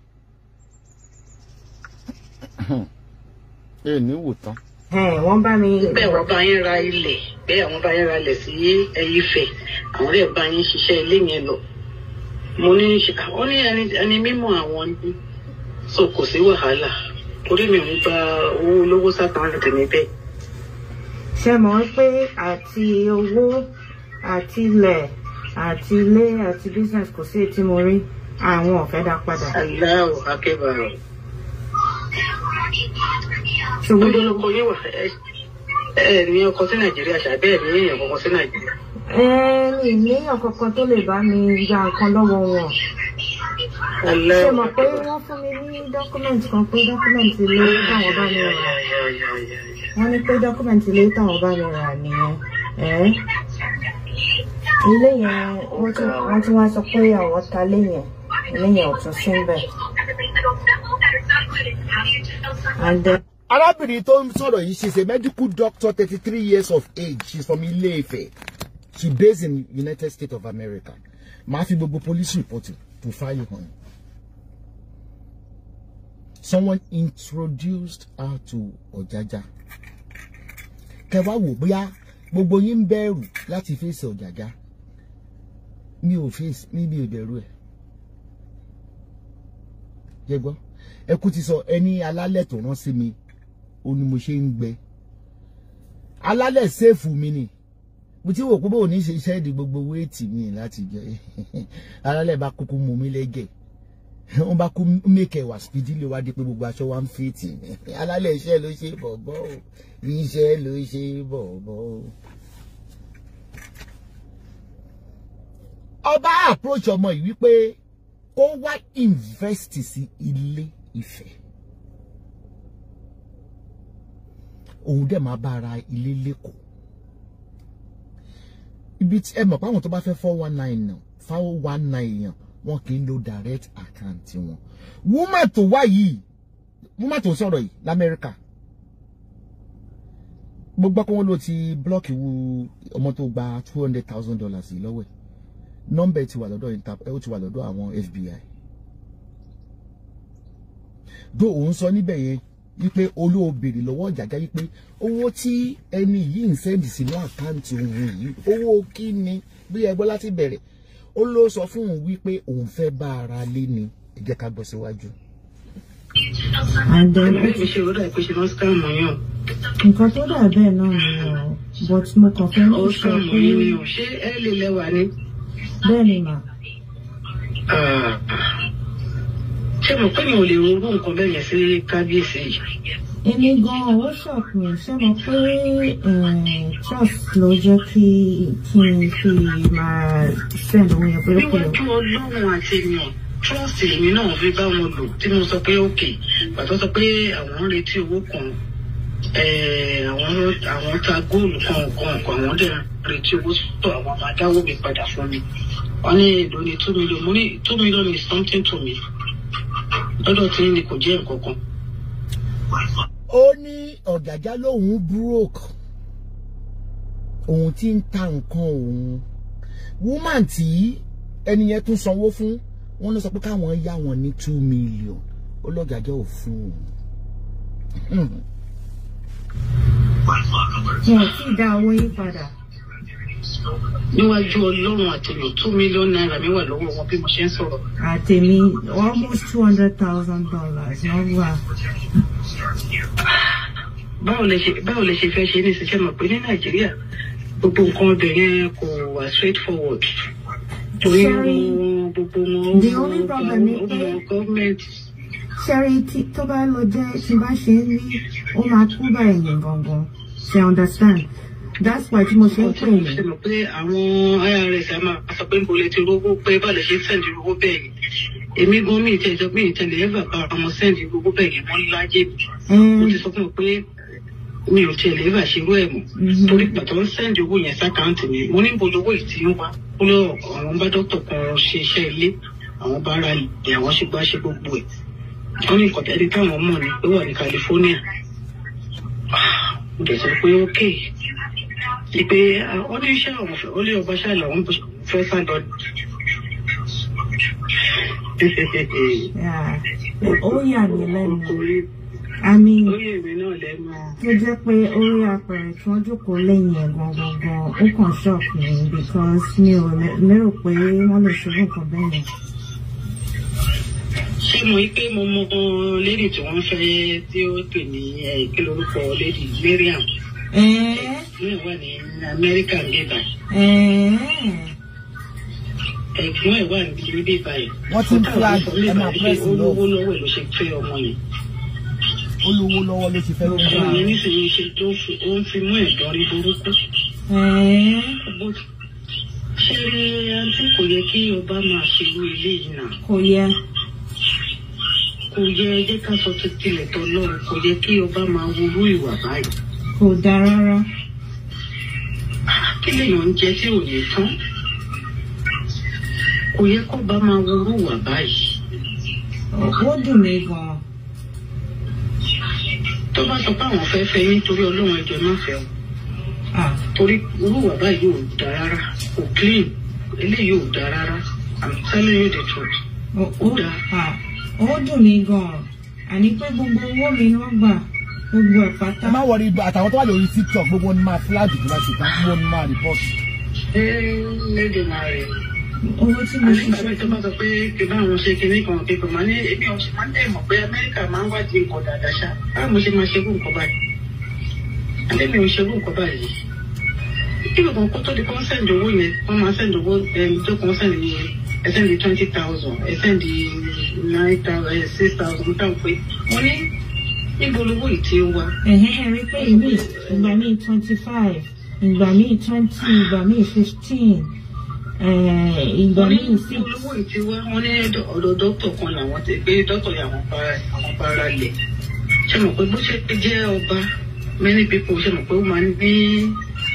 Hmm. ẹ ní wò tán. wọ́n bá mi. bẹ́ẹ̀ wọ́n bá yín ra ilẹ̀ bẹ́ẹ̀ wọ́n bá yín ra ilẹ̀ sí ẹyí fẹ̀ àwọn rẹ̀ bá yín ṣiṣẹ́ ilé yẹn lọ. mo ní àwọn ní ẹni mímọ̀ àwọn ní so kò sí wàhálà torí mi ò ní gba owó olówó sátán àti mi bẹ́ẹ̀. ṣé mọ̀ pé àti owó àti ilẹ̀ àti ilé àti business kò sí ètí mo rí àwọn ọ̀fẹ́ dá padà. aláwọ̀ akẹ́bàrọ̀ níbo lóko yín wà ẹ ní ọkọ sí nàìjíríà ṣàbẹ́ ẹ̀ ní èèyàn kankan sí nàìjíríà. ẹ mi ní ọ̀kọ̀ọ̀kan tó lè bá mi ya nǹkan lọ́wọ́ wọn ṣe mọ̀ pé wọ́n fún mi ní dọ́kúmẹ̀ntì kan pé dọ́kúmẹ̀ntì ilé táwọn bá mi rà wọ́n ní pé dọ́kúmẹ̀ntì ilé táwọn bá mi rà nìyẹn ilé yẹn wọ́n ti wá sọ pé àwọn ta lé yẹn ilé yẹn ò tún sí ń bẹ̀. And then. Uh, arábìnrin tó ń sọ̀rọ̀ yìí she's a medical doctor thirty three years of age she's from ile she based in United States of America màá fi gbogbo police report to file on someone introduced her to Ọ̀jájá kẹwàá wò bóyá gbogbo yín ń bẹ̀rù láti fèsì Ọ̀jájá mi ò fèsì mi ò bẹ̀rù ẹ̀ jẹ́ gbọ́ ẹkú ti sọ ẹni alálẹ̀ tó rán sí mi ó ní mo ṣe ń gbẹ alálẹ̀ sèfù mi ni mo ti wò pé bóun ní ṣe iṣẹ́ ìdí gbogbo wéètì mi láti jẹ alálẹ̀ bá kúkú mú mi lẹ́gẹ̀ẹ́ wọn bá kú mẹkẹ wá spidile wá di pé gbogbo aṣọ wa ń fìtì alálẹ̀ iṣẹ́ ló ṣe bọ̀bọ̀ o iṣẹ́ ló ṣe bọ̀bọ̀ o. ọba approach ọmọ yìí wípé kó wá invest sí ilé Ifẹ̀ òun dẹ̀ máa bá ara ilé lẹ́kọ̀ọ́ ibi tí ẹ mọ̀ pé àwọn tó bá fẹ́ four one nine náà four one nine yàn wọn kì í lo direct account wọn wúmà tó wá yìí wúmà tó sọ̀rọ̀ yìí lamẹ́ríkà gbogbo akọ́wọ́n ló ti block wu ọmọ tó gba two hundred thousand dollars yìí lọ́wọ́ ẹ̀ nọ́mbà ẹ ti wà lọ́dọ̀ interpol ẹ ti wà lọ́dọ̀ àwọn FBI dó òun sọ níbẹ̀ yẹn wípé olówó béèrè lọ́wọ́ jàjà wípé owó tí ẹni yìí ń sẹ́ndì sínú àkáǹtì òun yìí owó kí ni bí ẹgbọ́n láti bẹ̀rẹ̀ ó ló sọ fún òun wípé òun fẹ́ bá ara lé ni ẹ ká gbọ́ síwájú. àdá bẹ́ẹ̀ ṣe rọ́dà pé ṣe sí káàmù yàn. nǹkan tó dà bẹ́ẹ̀ náà ni ọ̀ but mo kàn fẹ́ ní ìṣòro ó sọ àmọ̀ yín ni ò ṣé ẹ́ lè lẹ́wà ni bẹ́ẹ̀ ni mà. Ah. ṣé mo pé mi ò lè ronú nǹkan bẹ́ẹ̀ yẹn sí kábíyèsí yìí. èmi gan-an ó ṣé mo pé eh, trust ló jẹ́ kí kí n fi máa send owó yẹn pé ó kò lọ. níwájú ọlọ́run àti ènìyàn trust èmi náà fi bá wọn lò tí mo sọ pé òkè pàtó sọ pé àwọn ń retí owó kan Eh, àwọn àwọn ta góòlù kan nǹkan nǹkan àwọn dẹ̀ retí owó sọ àwọn máa dáwó mi padà fún mi wọ́n ní èlò ni two million mo ní two million is something to me lọ́dọ̀ tí ni kò jẹ́ nǹkan kan. ó ní ọ̀gàjá lòun broke òun ti ń ta nǹkan òun woman tí ẹni yẹn tún sanwó fún wọn ló sọ pé káwọn yá wọn ní two million ó lọ́gàjá ò fún òun. Hmm wọn ti dá owó yín padà. níwájú ọlọ́run àtẹ̀yọ̀ two million naira mi wà lọ́wọ́ wọn bí mo ṣe ń sọ̀rọ̀. àtẹ̀mí almost two hundred thousand dollars wọ́n wà. báwo lè ṣe báwo lè ṣe fẹ́ ṣe ní ìṣiṣẹ́ mọ̀ pé ní nàìjíríà gbogbo nǹkan obìnrin kò wà straight forward. torí wọn gbogbo wọn ó mọ gọ́ọ̀mẹ̀ntì ṣẹ́rí tí tó bá lọ jẹ́ tí bá ṣe ń rí ó máa kú bá èèyàn gangan ṣe understand that's why tí mo ṣe ń pè yín. ṣe mọ̀ pé àwọn irs a máa sọ pé nbọlẹ̀ ti rówó pé bàlẹ̀ ṣe sẹ́ǹdì rówó bẹ́ẹ̀ yẹn èmi gan mi ìtẹ̀ ìjọba ìtẹ̀lẹ̀ ẹ̀ bàbá ọmọ sẹ́ǹdì rówó bẹ́ẹ̀ yẹn wọ́n láyé mi mm. mo ti sọ fún ọ pé mi ò tiẹ̀ lè bá irú ẹ̀ mọ́ mm-hmm. torí pàtó ń sẹ́ǹdì owó yẹn sákàǹtì mi mo ní bolo owó ìtì ń wá ó lọ àwọn bá dókítà kan ṣe iṣẹ́ ilé àwọn bá ra ilẹ̀ àwọn ṣùgbọ́n ṣe gbogbo ẹ̀ wọ́n ní nǹkan tẹ́lẹ̀ táwọn mọ̀ ni pé wà ní California mo dẹ̀ sọ pé ok ni pé ó ní iṣẹ́ àwọn ó lé ọba ṣáà làwọn fẹ́ sàdọ̀ ó yà mí lẹ́nu àmì tó jẹ́ pé orí apẹ̀rẹ̀ tí wọ́n jókòó lẹ́yìn ẹ̀ gangan ó kàn ṣọ́ọ̀kì because mi ò lérò pé wọ́n lè ṣubú nǹkan bẹ́ẹ̀ yẹn ṣé mo mo mọ lédì tí wọ́n fẹ́ tí ó pè ní eh, kí lórúkọ lédì Mariam ẹ̀gbọ́n eh. ẹ̀ ní Amẹ́ríkà níbà ẹ̀gbọ́n ẹ̀ ní níbà yìí wọ́n ti fi àjọ ẹ̀ máa lọ olówó lọ́wọ́ ló ṣe fẹ́ ọmọ yìí olówó lọ́wọ́ ló ti fẹ́ lọ́wọ́. ọmọ yẹn nísìnyí ṣe tó ń fi mú ẹ̀dọ́ rí burúkú eh. ṣe àǹtí kò yẹ kí ọba máa ṣerú ilé yìí náà. kò yẹ kò yẹ ẹjẹ́ ká sọ tó tilẹ̀ tọ́ lọ́rùn kò yẹ kí ọba máa wúrú ìwà báyìí. kò dáa rárá. Ah, kí lèèyàn ń jẹ tí ò yẹ tán kò yẹ kọ́ba máa wúrú ìwà báyìí. ó dùn mí gan-an. tó bá sọ pé àwọn fẹ́ẹ́ fẹ́ nítorí ọlọ́run ẹjọ́ náà fẹ́ o ah. torí irú ìwà báyìí ò dáa rárá kò clean eléyìí ò dáa rárá I'm telling you the truth. ó dáa. Ah ó dùn mí gan-an àní pé gbogbo owó mi ni wọ́n gbà gbogbo ẹ̀ pátá. ẹ má wọrí àtàwọn tó wà lórí tiktok gbogbo wọn máa fúláàgì tó bá ṣe tán gbogbo wọn máa rìpọ́ọ̀tì. ẹ lédè máa rẹ owó tí mo ṣe. àní ìgbà tó bá sọ pé kí bá àwọn ṣe kinní kan kíkan máa ní ebi ọ̀sẹ̀ máa ń tẹ̀ mọ̀ pé amẹ́ríkà máa ń wádìí nǹkan dáadáa ṣá báwo mo ṣe máa ṣe fún nǹkan báyìí àbí mi ò ṣe fún nǹkan báyìí kí nǹkan kó tó di kọ́ńsẹ̀ǹdì owó yẹn wọ́n máa ṣẹ̀ǹdì owó tó kọ́ńsẹ̀ǹdì yẹn ẹ sẹ́ndì twenty thousand ẹ sẹ́ndì nine thousand ẹ eh, six thousand mo dáhùn pé mo ní níbo lówó ìtì wa. ẹ̀hẹ́n rí pé ìmí ìgbà míì twenty five ìgbà míì twenty ìgbà míì fifteen ìgbà míì six. níbo lówó ìtì wa wọn ní ọ̀dọ̀ dókítà kan làwọn ti gbé dókítà yà wọn para àwọn para lẹ̀ ṣe mọ̀ pé bó ṣe jẹ́ ọba many people ṣe mọ̀ pé ó máa ń ní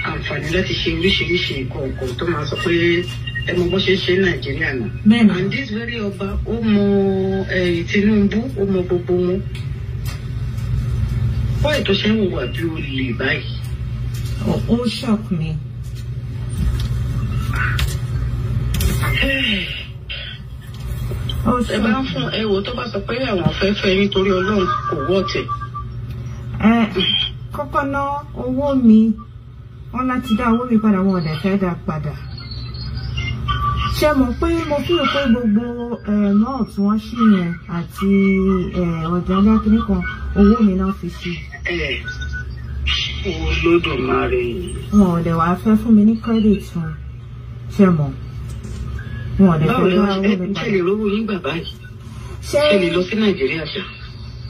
àǹfààní láti ṣe oríṣiríṣi nǹkan ọ̀kan tó máa sọ pé ẹ bó ṣe ṣe nàìjíríà náà and this very ọba ó mọ Tinubu ó mọ gbogbo wọn wọ́n ètò ṣe ń wà bí o báyìí. ó shock me ẹ bá ń fún ẹ wò tó bá sọ pé àwọn fẹ́ fẹ́ nítorí ọlọ́run kò wọ́ tẹ̀. kọ́kọ́ ná owó mi wọ́n láti dá owó mi padà wọn ò dẹ̀ fẹ́ dá padà ṣe mọ̀ pé mo fi rò pé gbogbo náà tí wọ́n ṣì yàn àti ọ̀dọ̀ alákìní kan owó mi náà fi ṣe. olódùmarè. wọn ò dẹ̀ wá fẹ́ fún mi ní credit wọn ṣe mọ̀ wọn ò dẹ̀ fẹ́ fún owó mi padà. ṣe lè rówó yín gbà báyìí ṣe lè lọ sí nàìjíríà ṣá.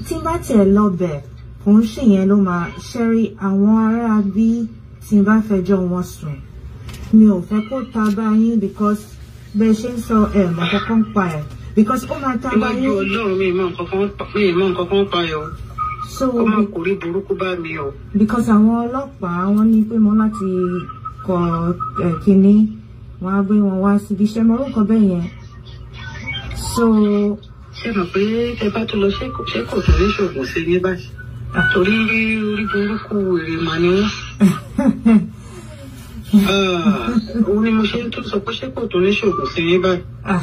tí bá tiẹ̀ lọ bẹ̀ kò ń ṣèyẹn ló máa ṣẹ́rí àwọn ará bí tí bá fẹjọ́ wọn sùn mi ò fẹ́ kó ta báyìí because bẹ́ẹ̀ ṣe ń sọ ẹ̀ mọ̀ pa ẹ̀ because ó máa tá a bá yé. ìwádìí ọlọ́run mi mọ nǹkan kan pa ẹ̀ o so ó máa kò rí burúkú bá mi o. because àwọn ọlọ́pàá wọ́n ní pé mo láti kọ kínní wọ́n á gbé wọn wá síbi iṣẹ́ mọ́ orúkọ bẹ́ẹ̀ yẹn so. ṣé mọ̀ pé ẹ bá tó lọ ṣé kò tó ní ṣògùn sí ní báyìí torí orí burúkú èrè màá ni wọ́n. òun ni mo ṣe ń tó sọ pé ṣé kò tó ní ṣògùn sí yín báyìí. Ah.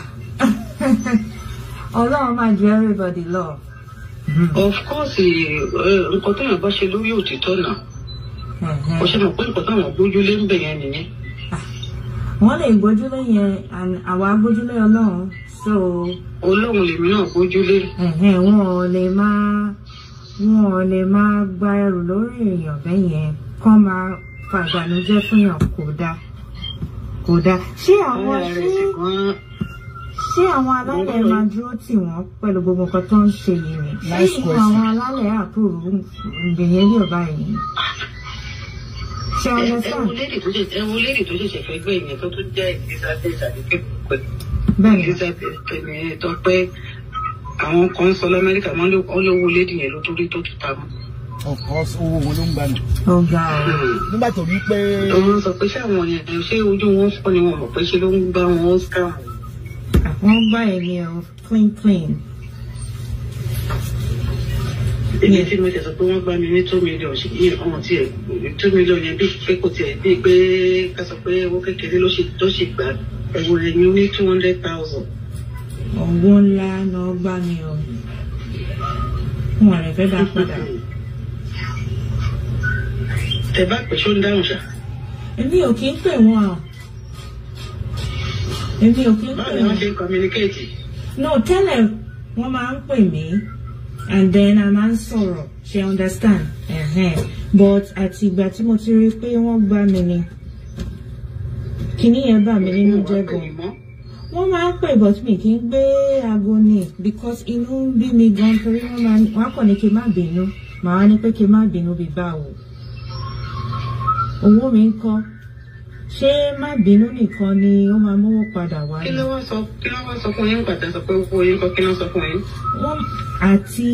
ọlọ́run máa ju everybody lọ. Mm-hmm. of course eh, nǹkan téèyàn bá ṣe lórí òtítọ́ náà mo mm-hmm. ṣe mọ̀ pé nǹkan táwọn gbójúlé ń bẹ̀ yẹn nìyẹn. Ah. wọ́n lè gbójúlé yẹn àwa gbójúlé ọlọ́run so. ọlọ́run lèmi náà gbójúlé. wọn ò lè máa wọn ò lè máa gba ẹrù lórí èèyàn bẹ́yẹn kán máa fàgbànújẹ́ fún yàn kò dáa kò dáa ṣé àwọn ṣé ṣé àwọn alálẹ̀ máa dúró tì wọ́n pẹ̀lú gbogbo nǹkan tó ń ṣe yìí ni ṣé àwọn alálẹ̀ àpòrò gbìyànjú ọba yìí ni ṣe ọ̀nà sáà. ẹ̀wọ̀n lédè tó tó ṣẹ̀ṣẹ̀ fẹ́ gbé ìyẹn tó tún jẹ́ elizabeth adékèkùpẹ́ elizabeth kẹ́mi tọ́pẹ́ àwọn kan sọ lamẹ́ríkà wọ́n lówó lédè yẹn ló tó tún ta mọ́ of course owó wọn ló ń gbanà. ọgá nígbà tó rí pé. òun sọ pé sáwọn ọ̀nà ṣé ojú wọn fọ ni wọn mọ̀ clean clean. èmi tí mo tẹ̀sán pé wọ́n gbá two million ṣì ní ọmọ tí two million yẹn bí pé kò tiẹ̀ bí pé ká sọ pé owó kékeré ló ṣe gbà ẹ̀wọ̀n two hundred thousand. ọ̀wọ́ ńlá náà gbá mi ọ̀ wọn rẹ̀ fẹ́ dá padà. tẹ bá pè ṣó dáhùn ṣá. èmi ò kí ń pè wọn à èmi ò kí ń pè wọn. báwo ni wọ́n ṣe communicate. no tẹ́lẹ̀ wọ́n máa ń pè mí and then a máa ń sọ̀rọ̀ ṣe understand uh-huh. but àti ìgbà tí mo ti rí i pé wọ́n gbá mi ni kìnní yẹn bà mí nínú jẹ́ gan wọ́n máa ń pè but mi kì í gbé aago ni because inú ń bí mi gan torí wọ́n máa ń wọ́n á kàn ní kí n má bínú màá ní pé kí n má bínú bí báwo owó mi ń kọ́ ṣé má bínú nìkan ni ó máa mówó padà wá. kí ló wá sọ kí ló wá sọ fún yín pàtàkì sọ pé owó yín kọ́ kí ló sọ fún yín. wọ́n àti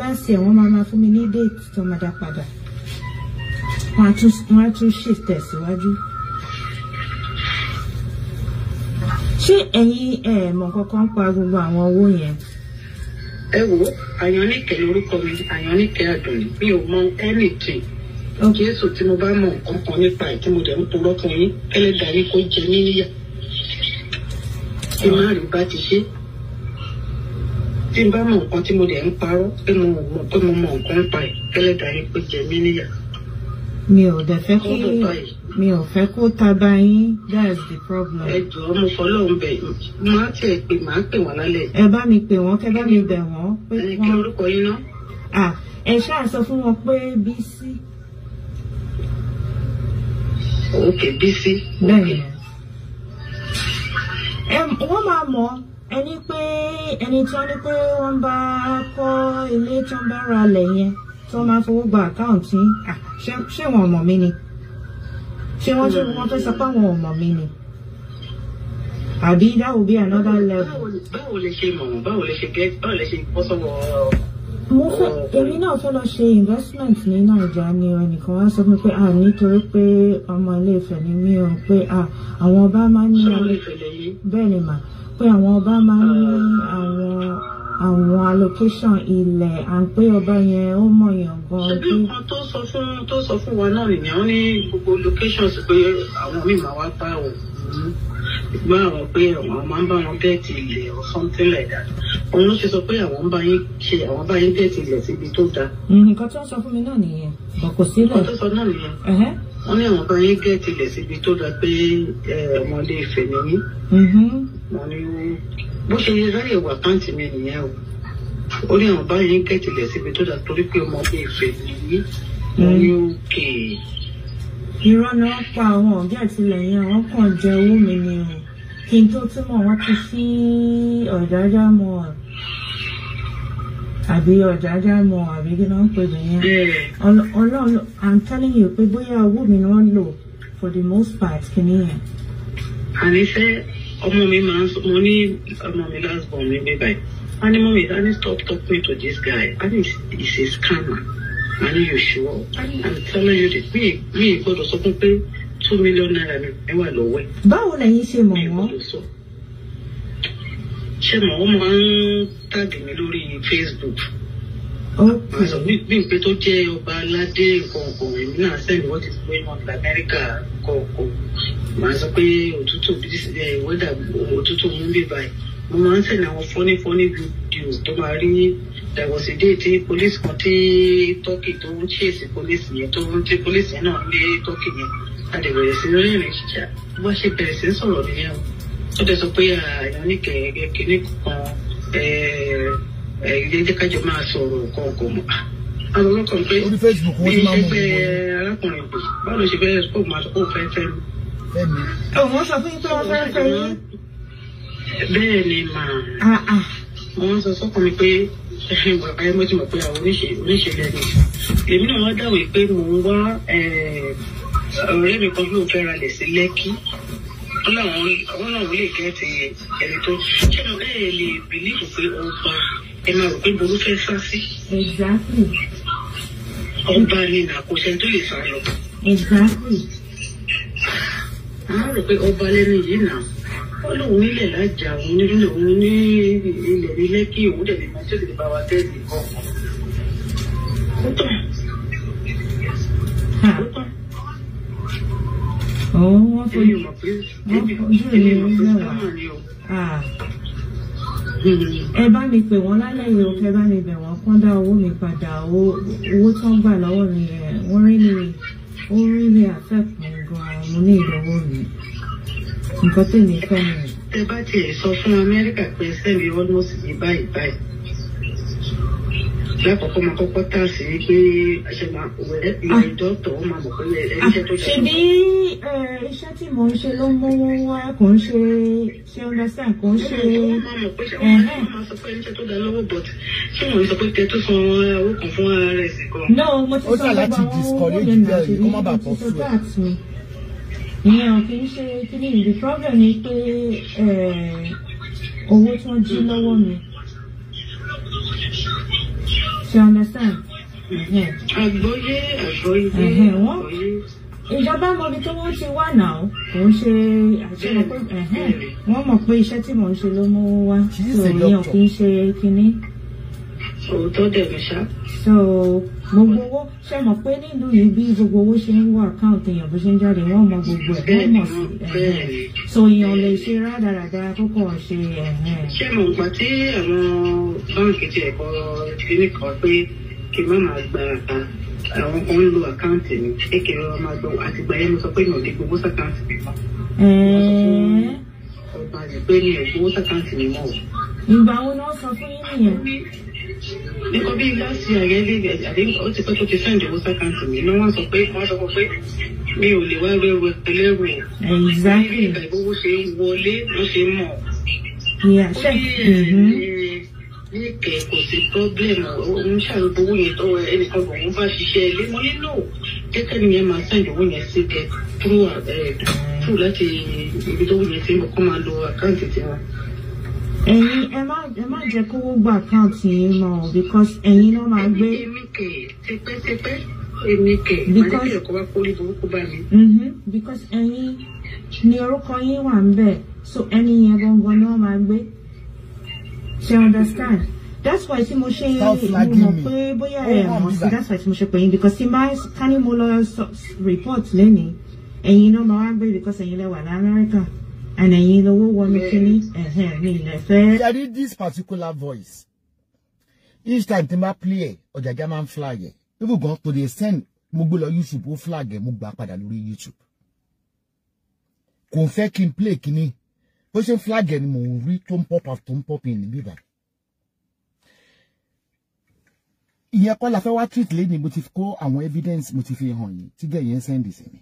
láti ẹ̀ wọ́n máa máa fún mi ní déètì tó máa dá padà wọ́n á tún wọ́n á tún ṣe tẹ̀síwájú. ṣé ẹ̀yin ẹ̀ mọ̀ kankan pa gbogbo àwọn owó yẹn ẹ wo àyànníkẹ́ lórúkọ mi àyànníkẹ́ àdùnní mi ò mọ ẹnìtì jésù tí mo bá mọ nǹkan kan nípa ẹ̀ tí mo dẹ̀ ń purọ́ fún yín ẹlẹ́dàá yín jẹ níyà tí má rí bá ti ṣe tí n bá mọ nǹkan tí mo dẹ̀ ń parọ́ pé mo mọ pé mo mọ nǹkan ń pa ẹ̀ ẹlẹ́dàá jẹ níyà. mi ò dẹ̀ fẹ́ kí mi ò fẹ́ kó taba yín that's the problem. ẹ jọ̀ọ́ mo fọ́ lóun bẹ̀ máa tiẹ̀ pé máa pè wọ́n lálẹ́. ẹ bá mi pè wọ́n kẹ bá mi bẹ̀ wọ́n. ẹ kí orúkọ yín ná. ẹ ṣáà sọ fún wọn pé Bísí ok bísí. bẹ́ẹ̀ni wọ́n máa mọ̀ ẹni pé ẹni tí wọ́n ní pé wọ́n bá kọ́ ilé tí wọ́n bá ra lẹ̀ yẹn tí wọ́n máa fowó gba àkáǹtì ṣé wọn mọ̀ mí ni ṣé wọ́n ṣe wọ́n fẹ́ sọ pé àwọn ò mọ̀ ni àbí that would be another level. báwo lè ṣe mọ̀ báwo lè ṣe gẹ́ báwo lè ṣe bọ́ sọ́wọ́ mo fẹ́ èmi náà fẹ́ lọ ṣe investment ní nàìjíríà ni ẹnìkan wá sọ fún mi pé à nítorí pé ọmọ ilé Ifẹ̀ ni mí o pé à àwọn ọba máa ń ní bẹ́ẹ̀ ni mà pé àwọn ọba máa ń ní àwọn àwọn allocation ilẹ̀ à ń pé ọba yẹn ó mọ̀ yàn gan. ṣebí nǹkan tó sọ fún tó sọ fún wa náà nìyẹn ó ní gbogbo locations pé àwọn míì máa wá pa òun gbọ́ àwọn pé àwọn máa ń bá wọn bẹ́ẹ̀tì ilẹ̀ or something like that òun ló ṣe sọ pé àwọn bá yín ṣe àwọn bá yín bẹ́ẹ̀tì ilẹ̀ síbi tó dáa. Mm, nǹkan tó ń sọ fún mi náà nìyẹn bọ̀ kò sílẹ̀. nǹkan tó sọ náà nìyẹn wọ́n ní àwọn bá yín bẹ́ẹ̀tì ilẹ̀ síbi tó dáa pé ọmọdé ìfẹ́ nìyí. Mm-hmm. wọ́n ní bó ṣe ráyè wà pàǹtì mi nìyẹn o ó ní àwọn bá yín bẹ́ẹ̀tì ilẹ̀ síbi tó dáa torí pé ọmọdé ìfẹ́ nìyí. wọ́n ní ó kéè irọ́ ni wọ́n pa àwọn ọ̀gá ìtìlẹ́yìn àwọn kan jẹ owó mi ni kí n tó túmọ̀ wọ́n ti sí ọ̀dájá mọ́ ọ àbí ọ̀dájá mọ́ ọ àbí kí wọ́n pè nìyẹn ọlọ́run i'm telling you pé bóyá owó mi ni wọ́n lò for the most part kìíní yẹn. àníṣe ọmọ mi máa ń sọ mo ní ọmọ mi last born mi gbé báyìí wọ́n ní mọ́mí i stop talking to this guy i need he's a scammer màá ní yóò ṣe wọ́n i'm telling you this mi mi gbọ́dọ̀ sọ fún pé two million naira mi wà lọ́wọ́ ẹ̀. báwo lẹ̀yin ṣe mọ̀ wọ́n. ṣé mọ̀ wọ́n máa ń tàgì mi lórí facebook. ọ̀pọ̀ bí n pé tó jẹ́ ọba aládé kọ̀ọ̀kan èmi náà sẹ́ni wọ́n ti sọ pé wọ́n ti amẹ́ríkà kọ̀ọ̀kan màá sọ pé òtútù eh, bí mo máa ń sìn àwọn funny funny videos tó máa rí there was a day tí police kan tí turkey tó ń chase police yẹn tó ń tí police yẹn náà lé turkey yẹn a lè bẹ̀rẹ̀ sí lórí ìrìn jíjà bó bá ṣe bẹ̀rẹ̀ sí sọ̀rọ̀ nìyẹn o ó dẹ̀ sọ pé àyàn ní kẹ̀kẹ́ kínní kan ẹ̀ẹ́dẹ́gbẹ́ kájọ máa sọ̀rọ̀ kọ̀ọ̀kan mọ́ àwọn ọlọ́kọ̀ pé bí ṣe fẹ́ arákùnrin pé báwo ló ṣe fẹ́ kó máa kó fẹ́ fẹ́ mi. ọ̀hún bẹ́ẹ̀ ni mà ah, ah. mo ń sọ sọ́kàn pé bàbá yẹn mo mọ̀ pé àwọn oníṣèlè èmi náà wọ́n dàwé pé mò ń wá eh, ọ̀rẹ́ mi kan yóò fẹ́ra lẹ̀ sí lẹ́kí wọ́n náà wọ́n lè gẹ́ẹ̀tì ẹni tó ṣé bẹ́ẹ̀ lè bìlífù pé ọba ẹ máa rò pé bolú fẹ́ sá sí. ọba ni nà tó lè sá lọ. máa rò pé ọba lẹ́nu yìí nà ó nílẹ̀ lájà òun ní òun ní ilẹ̀ ní lẹ́kì òun dẹ̀ lè máa tó bá wa tẹ́ẹ̀sì kan. ó hmm. ẹ bá mi pè wọ́n lálẹ́ ìwé òkè bá mi bẹ̀ wọ́n kán owó mi padà owó tó ń gbà lọ́wọ́ mi yẹn wọ́n rí mi rí mi àfẹ́kùn gan-an mo ní ìlọ́wọ́ mi nǹkan tó ní fẹ́ mi. tẹ bá tiẹ̀ sọ fún amẹ́ríkà pé sẹ́mi almost yìí báyìí báyìí lákòókò máa kọ́kọ́ tà sí pé ṣe máa wẹ̀ máa dọ́tọ̀ ó máa mọ̀ pé ẹ̀ṣẹ̀ ah, tó dára. ṣèbí eh, iṣẹ́ tí mò ń ṣe ló ń mówó wá kò ń ṣe ṣe understand kò ń ṣe. ṣé wọ́n sọ pé tẹ tó san owó kan fún ara rẹ̀ sí kan. náà mo ti sọ ọgbà owó yẹn náà ṣe ní mo ti sọ ìyẹn kì í ṣe kíní ìlú problem ni pé owó tí wọ́n jí lọ́wọ́ mi ṣe understand. àgbọ́yé àgbọ́yé àgbọ́yé. ìjọba mọbi tí wọ́n ti wà náà kò ń ṣe àṣeyọpẹ́ wọ́n mọ̀ pé iṣẹ́ tí mò ń ṣe ló mú wá ìyẹn ò kì í ṣe kíní òótọ́ dẹ̀rù ṣá. so gbogbo owó ṣe mọ̀ pé nílùú yìí bí gbogbo owó ṣe ń wọ àkáǹtì èèyàn bó ṣe ń jáde wọ́n mọ gbogbo ẹ̀ wọ́n mọ̀ sí so èèyàn lè ṣe rádaràda kókò ṣe ẹ̀. ṣé mo gbà tí àwọn báńkì ti ẹ̀kọ́ kíní kan pé kí n má máa gba àwọn kan ń lo àkáǹtì mi kékeré wọn máa gbọ́ àtìgbà yẹn mo sọ pé mi ò lè gbowó sàkáǹtì mi mọ́. ọba rẹ̀ nǹkan bíi láti ààrẹ ilé àbí ó ti pẹ́ tó ti sẹ́ǹdì owó sákàǹtì mi ni wọ́n sọ pé wọ́n sọ pé mi ò lè wá wẹ́wẹ́ ẹlẹ́rù ẹ̀. ẹ̀záàkì ìgbà ìbówó ṣe wọlé ló ṣe mọ̀. ó yẹ ní mm-hmm. kẹ kò sí pọ́blẹ́mù òun ṣàròbó owó yẹn tọwọ́ ẹnìkan bò ń bá ṣiṣẹ́ ilé mo nílò kẹ́kẹ́ nìyẹn máa sẹ́ǹdì owó yẹn sí kẹ fúrú eh, láti ibi tó wù yẹn ti kó máa lo àkáǹtì tiwọn ẹ̀yin ẹ má ẹ má jẹ́ kówó gba àkáǹtì yín mọ́ o because ẹ̀yin náà máa gbé. èmi kè tipẹ́tipẹ́ èmi mm-hmm. because ẹ̀yin ni orúkọ yín wà ń bẹ̀ so ẹni yẹn gangan náà máa gbé She understand that's why tí mo ṣe mo mọ̀ pé bóyá ẹ mọ̀ sí that's why tí mo ṣe pè yín because tí máa ká ní mo lọ report lẹ́nìí ẹ̀yin náà máa wá gbé because ẹ̀yin lẹ wà ní Amẹ́ríkà and ẹ̀yin lówó wọnú kíní ẹ̀hìn mi ilẹ̀ fẹ́. I read this particular voice each time they n play or ọ̀jàjà máa ń flag ẹ even to dey send mo gbé lọ YouTube ó flag ẹ mo gbà padà lórí YouTube kò fẹ́ play kíní bó ṣe flag ẹ ni mò ń rí pop up tó pop in níbí báyìí. ìyẹn kọ́ la fẹ́ wá treat lẹ́yìn mo ti kó àwọn evidence mo ti fi hàn yín tí gẹ̀yẹ́ send this mi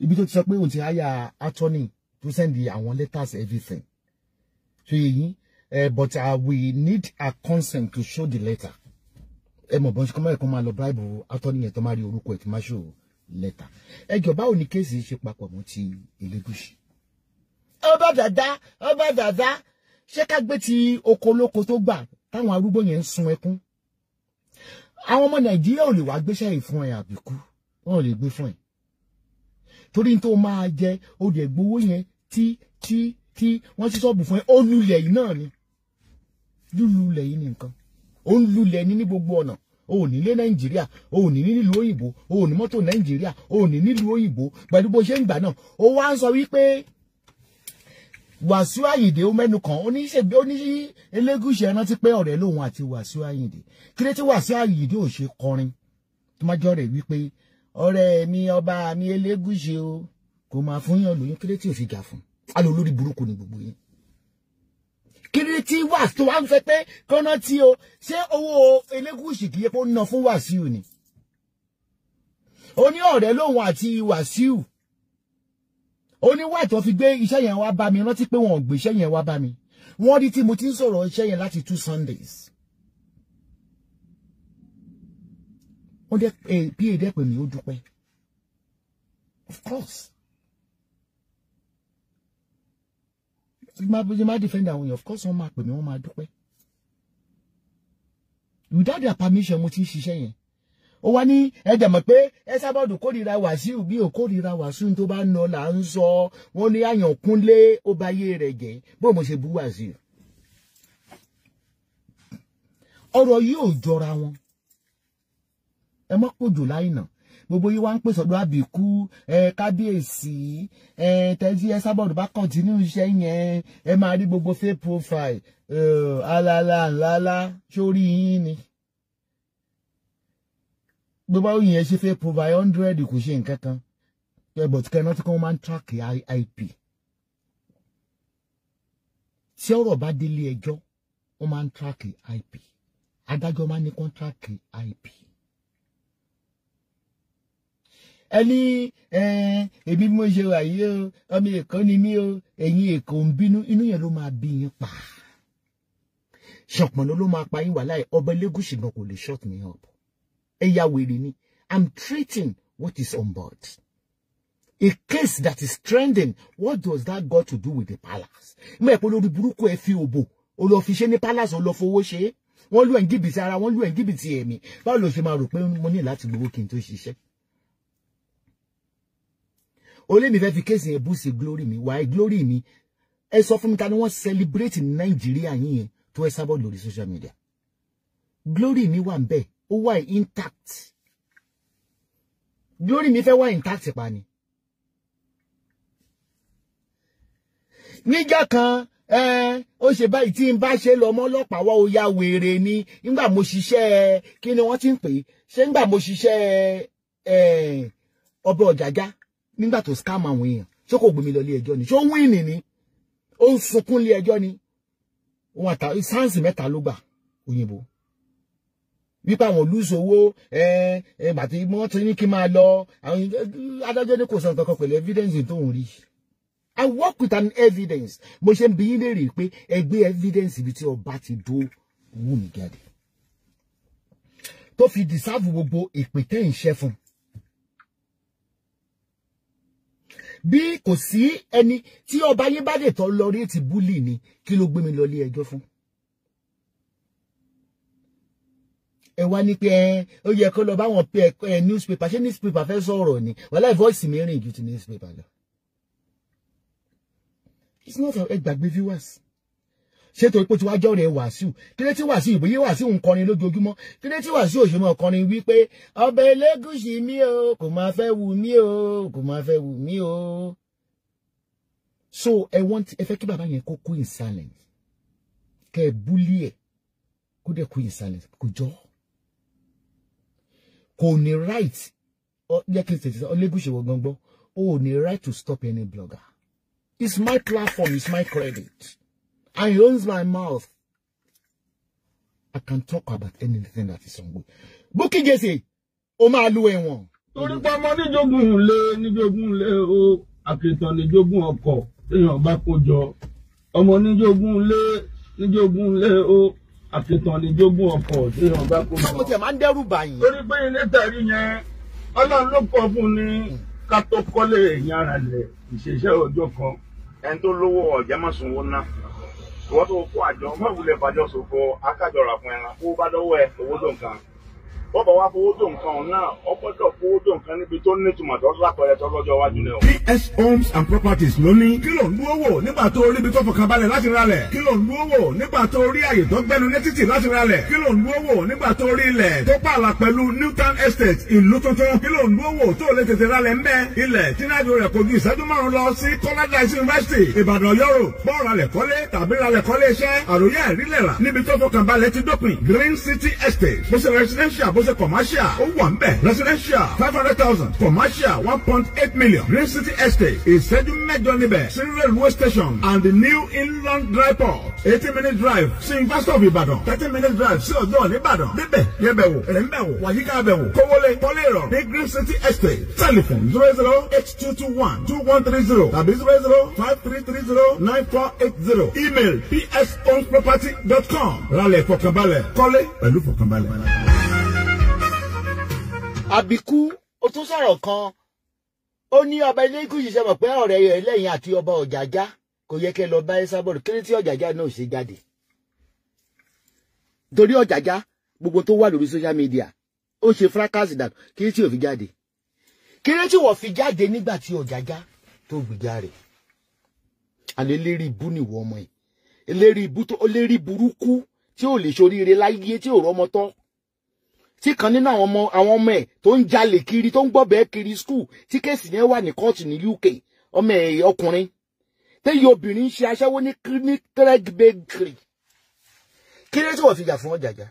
ibi tó ti sọ pé òun ti háyà attorney to send the àwọn letters everything So, yìí eh, but uh, we need a consent to show the letter ẹ mọ̀ bọ́n ṣe kọ́ máa ẹ̀kọ́ máa lọ bíráìbù attorney yẹn tó máa rí orúkọ ẹ̀ tó máa ṣòro lẹ́tà ẹjọ́ báwo ni kéèsì ṣe papọ̀ mọ́ ti Elégùṣì. ọba dàda ọba dàda ṣé ká gbé ti oko olóko tó gbà táwọn arúgbó yẹn ń sun ẹkún. àwọn ọmọ Nàìjíríà ò lè wá gbéṣẹ́ yìí fún ẹ àbíkú wọn ò lè gbé fún ẹ torí tó máa jẹ ó dẹ̀ gbowó yẹn tí tí tí wọ́n ti sọ́ọ̀bù fún ẹ ó lulẹ̀ yìí náà ni lululẹ̀ yìí ni nǹkan ó ń lulẹ̀ ní ní gbogbo ọ̀nà o ò ní lé nàìjíríà o ò ní nílùú òyìnbó o ò ní mọ́tò nàìjíríà o ò ní nílùú òyìnbó pẹ̀lú bó ṣe ń gbà náà ó wá ń sọ wípé wàsíù àyìndé ó mẹ́nu kàn oníṣègbè oníṣí elégùsì ẹ rántí pé ọ̀rẹ́ lòun àti wàsíù àyìndé kí ló ti wàsíù àyìndé ò ṣe kọrin tó má jọ rẹ̀ wípé ọ̀rẹ́ mi ọba mi Elégùṣì o kò máa fún yàn lóyún kílé tí ò fi jà fún alò lórí burúkú ni gbogbo yín kílé tí wàásù tó wà ń fẹ́ pé kọ́nà tí o ṣé owó Elégùṣì kìí kó ná fún Wàsíù ni ó ní ọ̀rẹ́ lòun àti Wàsíù ó ní wáìtì wọ́n fi gbé iṣẹ́ yẹn wá bá mi rántí pé wọn ò gbé iṣẹ́ yẹn wá bá mi wọ́n rí tí mo ti ń sọ̀rọ̀ iṣẹ́ yẹn láti two Sundays wọ́n dẹ́ pa dẹ́pẹ̀ mi ó dúpẹ́ of course ṣe máa defend àwọn èèyàn of course wọ́n máa pè mí wọ́n máa dúpẹ́ without their permission mo ti ń ṣiṣẹ́ yẹn ó wá ní ẹ̀jẹ̀ mọ̀ pé ẹ sábàdù kórìíra wàsíù bí ò kórìíra wàsíù tó bá nà là ń sọ wọ́n ní àyànkúnlé ó bá yé rẹ̀ jẹ́ bó mo ṣe bú wàsíù ọ̀rọ̀ yìí ò jọra wọn ẹ má pòjò láìnà gbogbo yìí wá ń pèsè ọdún àbíkú ẹ kábíyèsí ẹ tẹ́jú ẹ sábọ̀dù bá kọ̀tínú iṣẹ́ yẹn ẹ máa rí gbogbo fake profile alala ńláńlá sórí yín ni gbogbo àwọn yẹn ṣe fake profile hundred kò ṣe nǹkan kan but kẹ́nà tí wọ́n máa ń track IP tí ọ̀rọ̀ bá délé ẹjọ́ wọ́n máa ń track IP adájọ́ máa ń ní kọ́ńtrákì IP. ẹni èmi bí mo ṣe wà yìí o ọmọ èkó ni mí o ẹ̀yin èkó ń bínú inú yẹn ló máa bí yín pa ṣọpọnà ló máa pa yín wà láì ọba elégùsì náà kò lè short me up ẹ ya wèrè ni i'm treating what is on board. A case that is trending, what does that got to do with the palace? Mọ̀ ẹ̀pọ̀ lórí burúkú ẹ fi òbò, o ní palace, o lọ fowó ṣe é. Wọ́n lù ẹ̀ ń jìbìtì ara, wọ́n lù ẹ̀ ń jìbìtì ẹ̀mí. Báwo lo ṣe máa rò pé mo ní láti gbowó kí n tó ṣiṣẹ́? ó lé mi fẹ́ fi kéèsì yẹn boost glory mi why glory mi ẹ so fún mi ta ni wọ́n celebrate nàìjíríà yín yẹn tó ẹ social media glory mi wa ń bẹ̀ ó intact glory mi fẹ́ wà intact pa ni. níjà kan ó ṣe báyìí tí n bá ṣe lọ ọmọ ọlọ́pàá wá oya wèrè ni nígbà mo ṣiṣẹ́ kini ni wọ́n ti ń pè é ṣé nígbà mo ṣiṣẹ́ nígbà tó scam àwọn èèyàn ṣé kò gbé mi lọ ilé ẹjọ́ ni ṣé ó win ni ó ń sunkún ilé ẹjọ́ ni òun àtà sáǹsì mẹ́ta ló gbà òyìnbó wípé àwọn lùsọ owó bàtí wọn ti ní kí máa lọ àwọn adájọ́ ní kò sọ nǹkan kan pẹ̀lú evidence tó ń rí I work with an evidence mo ṣe ń bi yín léèrè pé ẹgbẹ́ evidence ibi tí ọba ti dó wù mí jáde tó fi deserve, gbogbo ìpè tẹ́ ń ṣẹ́ fún un bí kò sí ẹni tí ọba yín bá dè tọ́ lọ rí ti búlì ni kí ló gbé mi lọ ilé ẹjọ́ fún. ẹ wá ní pé ẹ ó yẹ kó lọ báwọn pé ẹ newspaper ṣé newspaper fẹ́ sọ̀rọ̀ ni wàhálà voice mi rìn ju ti newspaper lọ. it's not ẹ gbàgbé viewers ṣé torí tí wàá jẹ́ ọ̀rẹ́ Wàsíù kílé tí Wàsíù ìbòye Wàsíù ń kọrin lójoojúmọ́ tí Wàsíù òṣèlú ọkọrin wípé ọbẹ̀ Elégùṣì mi o kò máa fẹ́ wù mí o kò máa fẹ́ wù mí o. so ẹ wọ́n ẹ fẹ́ kí bàbá yẹn kó kú in silence kẹ́ ẹ búlí ẹ̀ kó dẹ̀ kú in silence kò jọ kò ní right yẹ kí n tètè sọ Elégùṣì wọ gbọ́ngbọ́n o ò ní right to stop any blogger it's my platform it's my credit. I use my mouth. I can talk about anything that is wrong. Bukky Jesse, ó máa lu ẹ̀wọ̀n. Torí pa ọmọ níjogún ilé níjogún ilé o, àkìtàn níjogún ọkọ̀ èèyàn bá kó jọ. Ọmọ níjogún ilé níjogún ilé o, àkìtàn níjogún ọkọ̀ èèyàn bá kó jọ. Àwọn tiẹ̀ máa ń dẹ́rù bàyìn. Torí pé ilé tẹ̀rí yẹn, Ọlọ́run ló kọ fún ni ká ìwọ́n tó kó àjọ mọ̀wulẹ̀ bàjọ́ sòfò akájọra fún ẹran kó bá dọ́wọ́ ẹ owó tó nǹkan wọ́n bá wá fowó tó nǹkan ọ̀hún náà wọ́n gbọ́dọ̀ fowó tó nǹkan níbi tó nítumọ̀ tó lápẹẹrẹ tó lọ́jọ́ iwájú náà. PS homes and properties ló ní. kí ló ń dúró wò nígbà tó rí ibi tó fọkàn balẹ̀ láti ralẹ̀. kí ló ń dúró wò nígbà tó rí àyè tó gbẹnu ní títì láti ralẹ̀. kí ló ń dúró wò nígbà tó rí ilẹ̀ tó pààlà pẹ̀lú Newtown Estate ìlú tuntun. kí ló ń dúró wò tó lè tètè ralẹ̀ ńbẹ. ilẹ̀ tínáàdù rẹ̀ kò ju ìṣẹ́jú márùn-ún lọ sí Colorado University Ìbàdàn yọ̀rò bọ́ọ̀ralẹ̀ kọ́lé tàbí ralẹ̀ kọ́lé iṣẹ́ àròyé àrílẹ̀ rà níbi tó fọkàn balẹ̀ ti dópin Green City Estate bó ṣe residential bó bó commercial ó wà ń bẹ̀ residential five hundred thousand commercial one point eight million green city estate ìṣẹ́jú mẹ́jọ níbẹ̀ sí railway station and the new inland dry port Eighteen minute drive sí university of ibadan thirty minute drive sí ọjọ́ nìbàdàn níbẹ̀ yẹ bẹ̀ wò rẹ̀ ń bẹ̀ wò wàyíká bẹ̀ wò kówólé kọ́lé ìrọ̀ ní green city estate telephone zero zero eight two two one two one three zero tàbí zero zero five three three zero nine four eight zero email psownsproperty dot com ralẹ̀ fọkànbalẹ̀ kọ́lé pẹ̀lú fọkànbalẹ̀. Abiku ó tún sọ̀rọ̀ kan ó ní ọba Elégùṣì ṣe mọ̀ pé ọ̀rẹ́ rẹ̀ lẹ́yìn àti ọba ọ̀jàjá kò yẹ kẹ́ lọ bá ẹ sábọ̀rọ̀ kí ni tí ọ̀jàjá náà ṣe jáde torí ọ̀jàjá gbogbo tó wà lórí social media ó ṣe fracas dànù kí ni tí ò jáde kí ni tí wọ́n fi jáde nígbà tí ọ̀jàjá tó gbìjà rẹ̀ àlè lérí ibú nìwọ ọmọ yìí lérí ibú tó lérí burúkú tí ò lè ṣoríire láyé tí ò rọmọ tọ́ tí kan nínú àwọn ọmọ àwọn ọmọ ẹ̀ tó ń jalè kiri tó ń gbọ́bẹ̀ kiri skul tí kéèsì yẹn wà ní kóòtù ní UK ọmọ ẹ̀ ọkùnrin téyí obìnrin ń ṣe aṣẹ́wó ní ní Craig Bakery kí ló tí wọ́n fi jà fún ọjàjà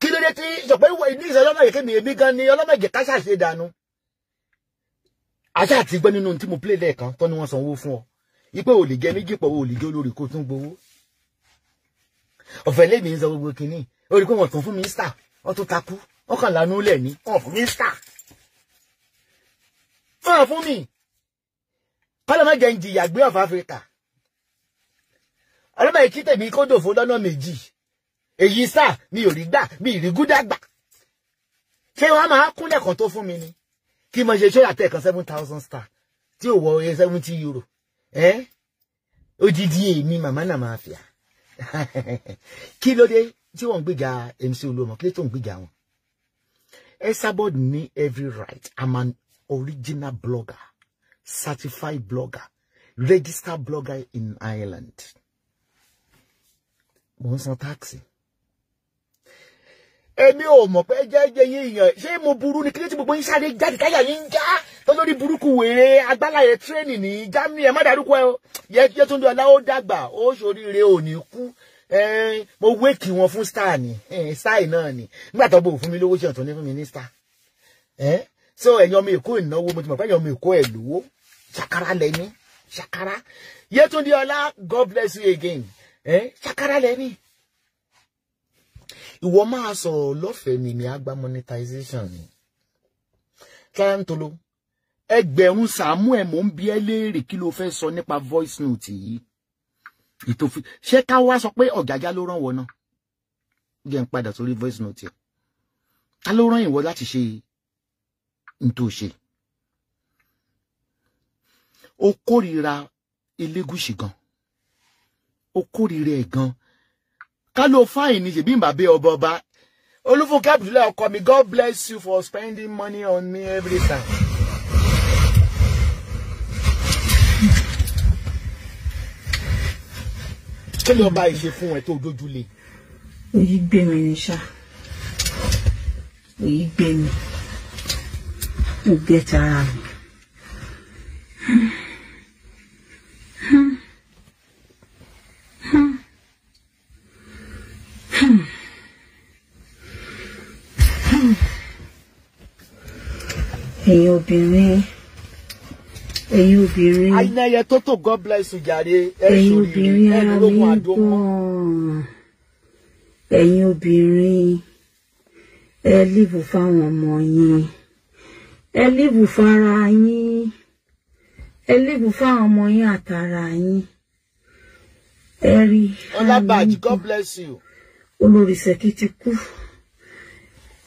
kí ló dé tí ṣọ̀pẹ́ ìwọ ìní ìṣẹ́ ọlọ́mọ ìkémi èmi gan ni ọlọ́mọ ìjẹ́ káṣà ṣe dànù aṣáà ti gbẹ́ nínú tí mo play lẹ́ẹ̀kan tó ni wọ́n sanwó fún ọ ipò ò méjì pọ̀ ò lè olórí kó tún gbowó ọ̀fẹ́ lèmi ń sọ gbogbo kínní ó rí i pé wọ́n tún fún mínísítà wọ́n tún takú wọ́n kàn lánú lẹ̀ ní wọ́n fún mínísítà wọ́n fún mi kọ́lọ́ mẹ́jẹ ń jìyà gbé ọ̀fà áfíríkà ọlọ́mọ èkí tèmi kó dòfo lọ́nà méjì èyí sáà mi ò rí gbà mi ì rí gúdàgbà ṣé wọ́n máa kúnlẹ̀ kan tó fún mi ni kí mo ṣe ṣóyà tẹ̀ seven thousand star tí ò wọ seventy euro ẹ́ odidi èmi màmá náà máa fìyà. kí ló dé tí wọ́n ń gbéga MC Olúọmọ kí ló tó ń gbéga wọn Esabod ní every right i'm an original blogger certified blogger registered blogger in Ireland mo ń san táàkì èmi ò mọ̀ pé jẹ́jẹ́ yín èèyàn ṣé mo burú ni kílé tí gbogbo yín sáré jáde táyà yín já lọ́lórí burúkú wèrè agbálá yẹn tírẹ́nì ní Germany ẹ̀ má dárúkọ ẹ yẹ tó ń dọ̀la ó dàgbà ó ṣoríire ò ní kú mo wéèkì wọn fún star ni star náà ni nígbà tó bò fún mi lówó ṣe ọ̀tún ní fún mi ní star so ẹ̀yin ọmọ èkó ìnáwó mo ti mọ̀ pé ẹ̀yin ọmọ èkó ẹ̀ lówó ṣàkárá lẹ́ni ṣàkárá Yétúndé God bless you again ṣàkárá lẹ́ni ìwọ máa sọ̀rọ̀ lọ́fẹ̀ẹ́ ni mi á gba monetization ni Kayantolo ẹgbẹ̀rún Samuel mò ń bi ẹ́ léèrè kí ló fẹ́ sọ nípa voice note yìí ìtòfin ṣé ká wá sọ pé ọ̀gágá ló rán wọ náà jẹ́ ń padà sórí voice note yẹn ta ló rán ìwọ láti ṣe n tó ṣe ó kórìíra Elégùṣì gan ó kórìíra ẹ̀ gan ká ló fáìn ní ṣèbí ìbàbẹ ọba ọba olúfúnkẹ́ abdulai ọkọ mi god bless you for spending money on me every time. kí ló bá ìṣe fún ẹ tó dojúlé. èyí gbé mi ní ṣá èyí gbé mi mo gé tara mi. ẹ̀yin obìnrin ẹ̀yin obìnrin ayẹyẹ tó tó god bless you jàre ẹ̀yin obìnrin ara mi gbọ̀n ẹ̀yin obìnrin ẹ líbù fáwọn ọmọ yín ẹ líbù fara yín ẹ líbù fáwọn ọmọ yín àtàrà yín ẹ rí ọlábàjì god bless you olórí ṣèkìtì kú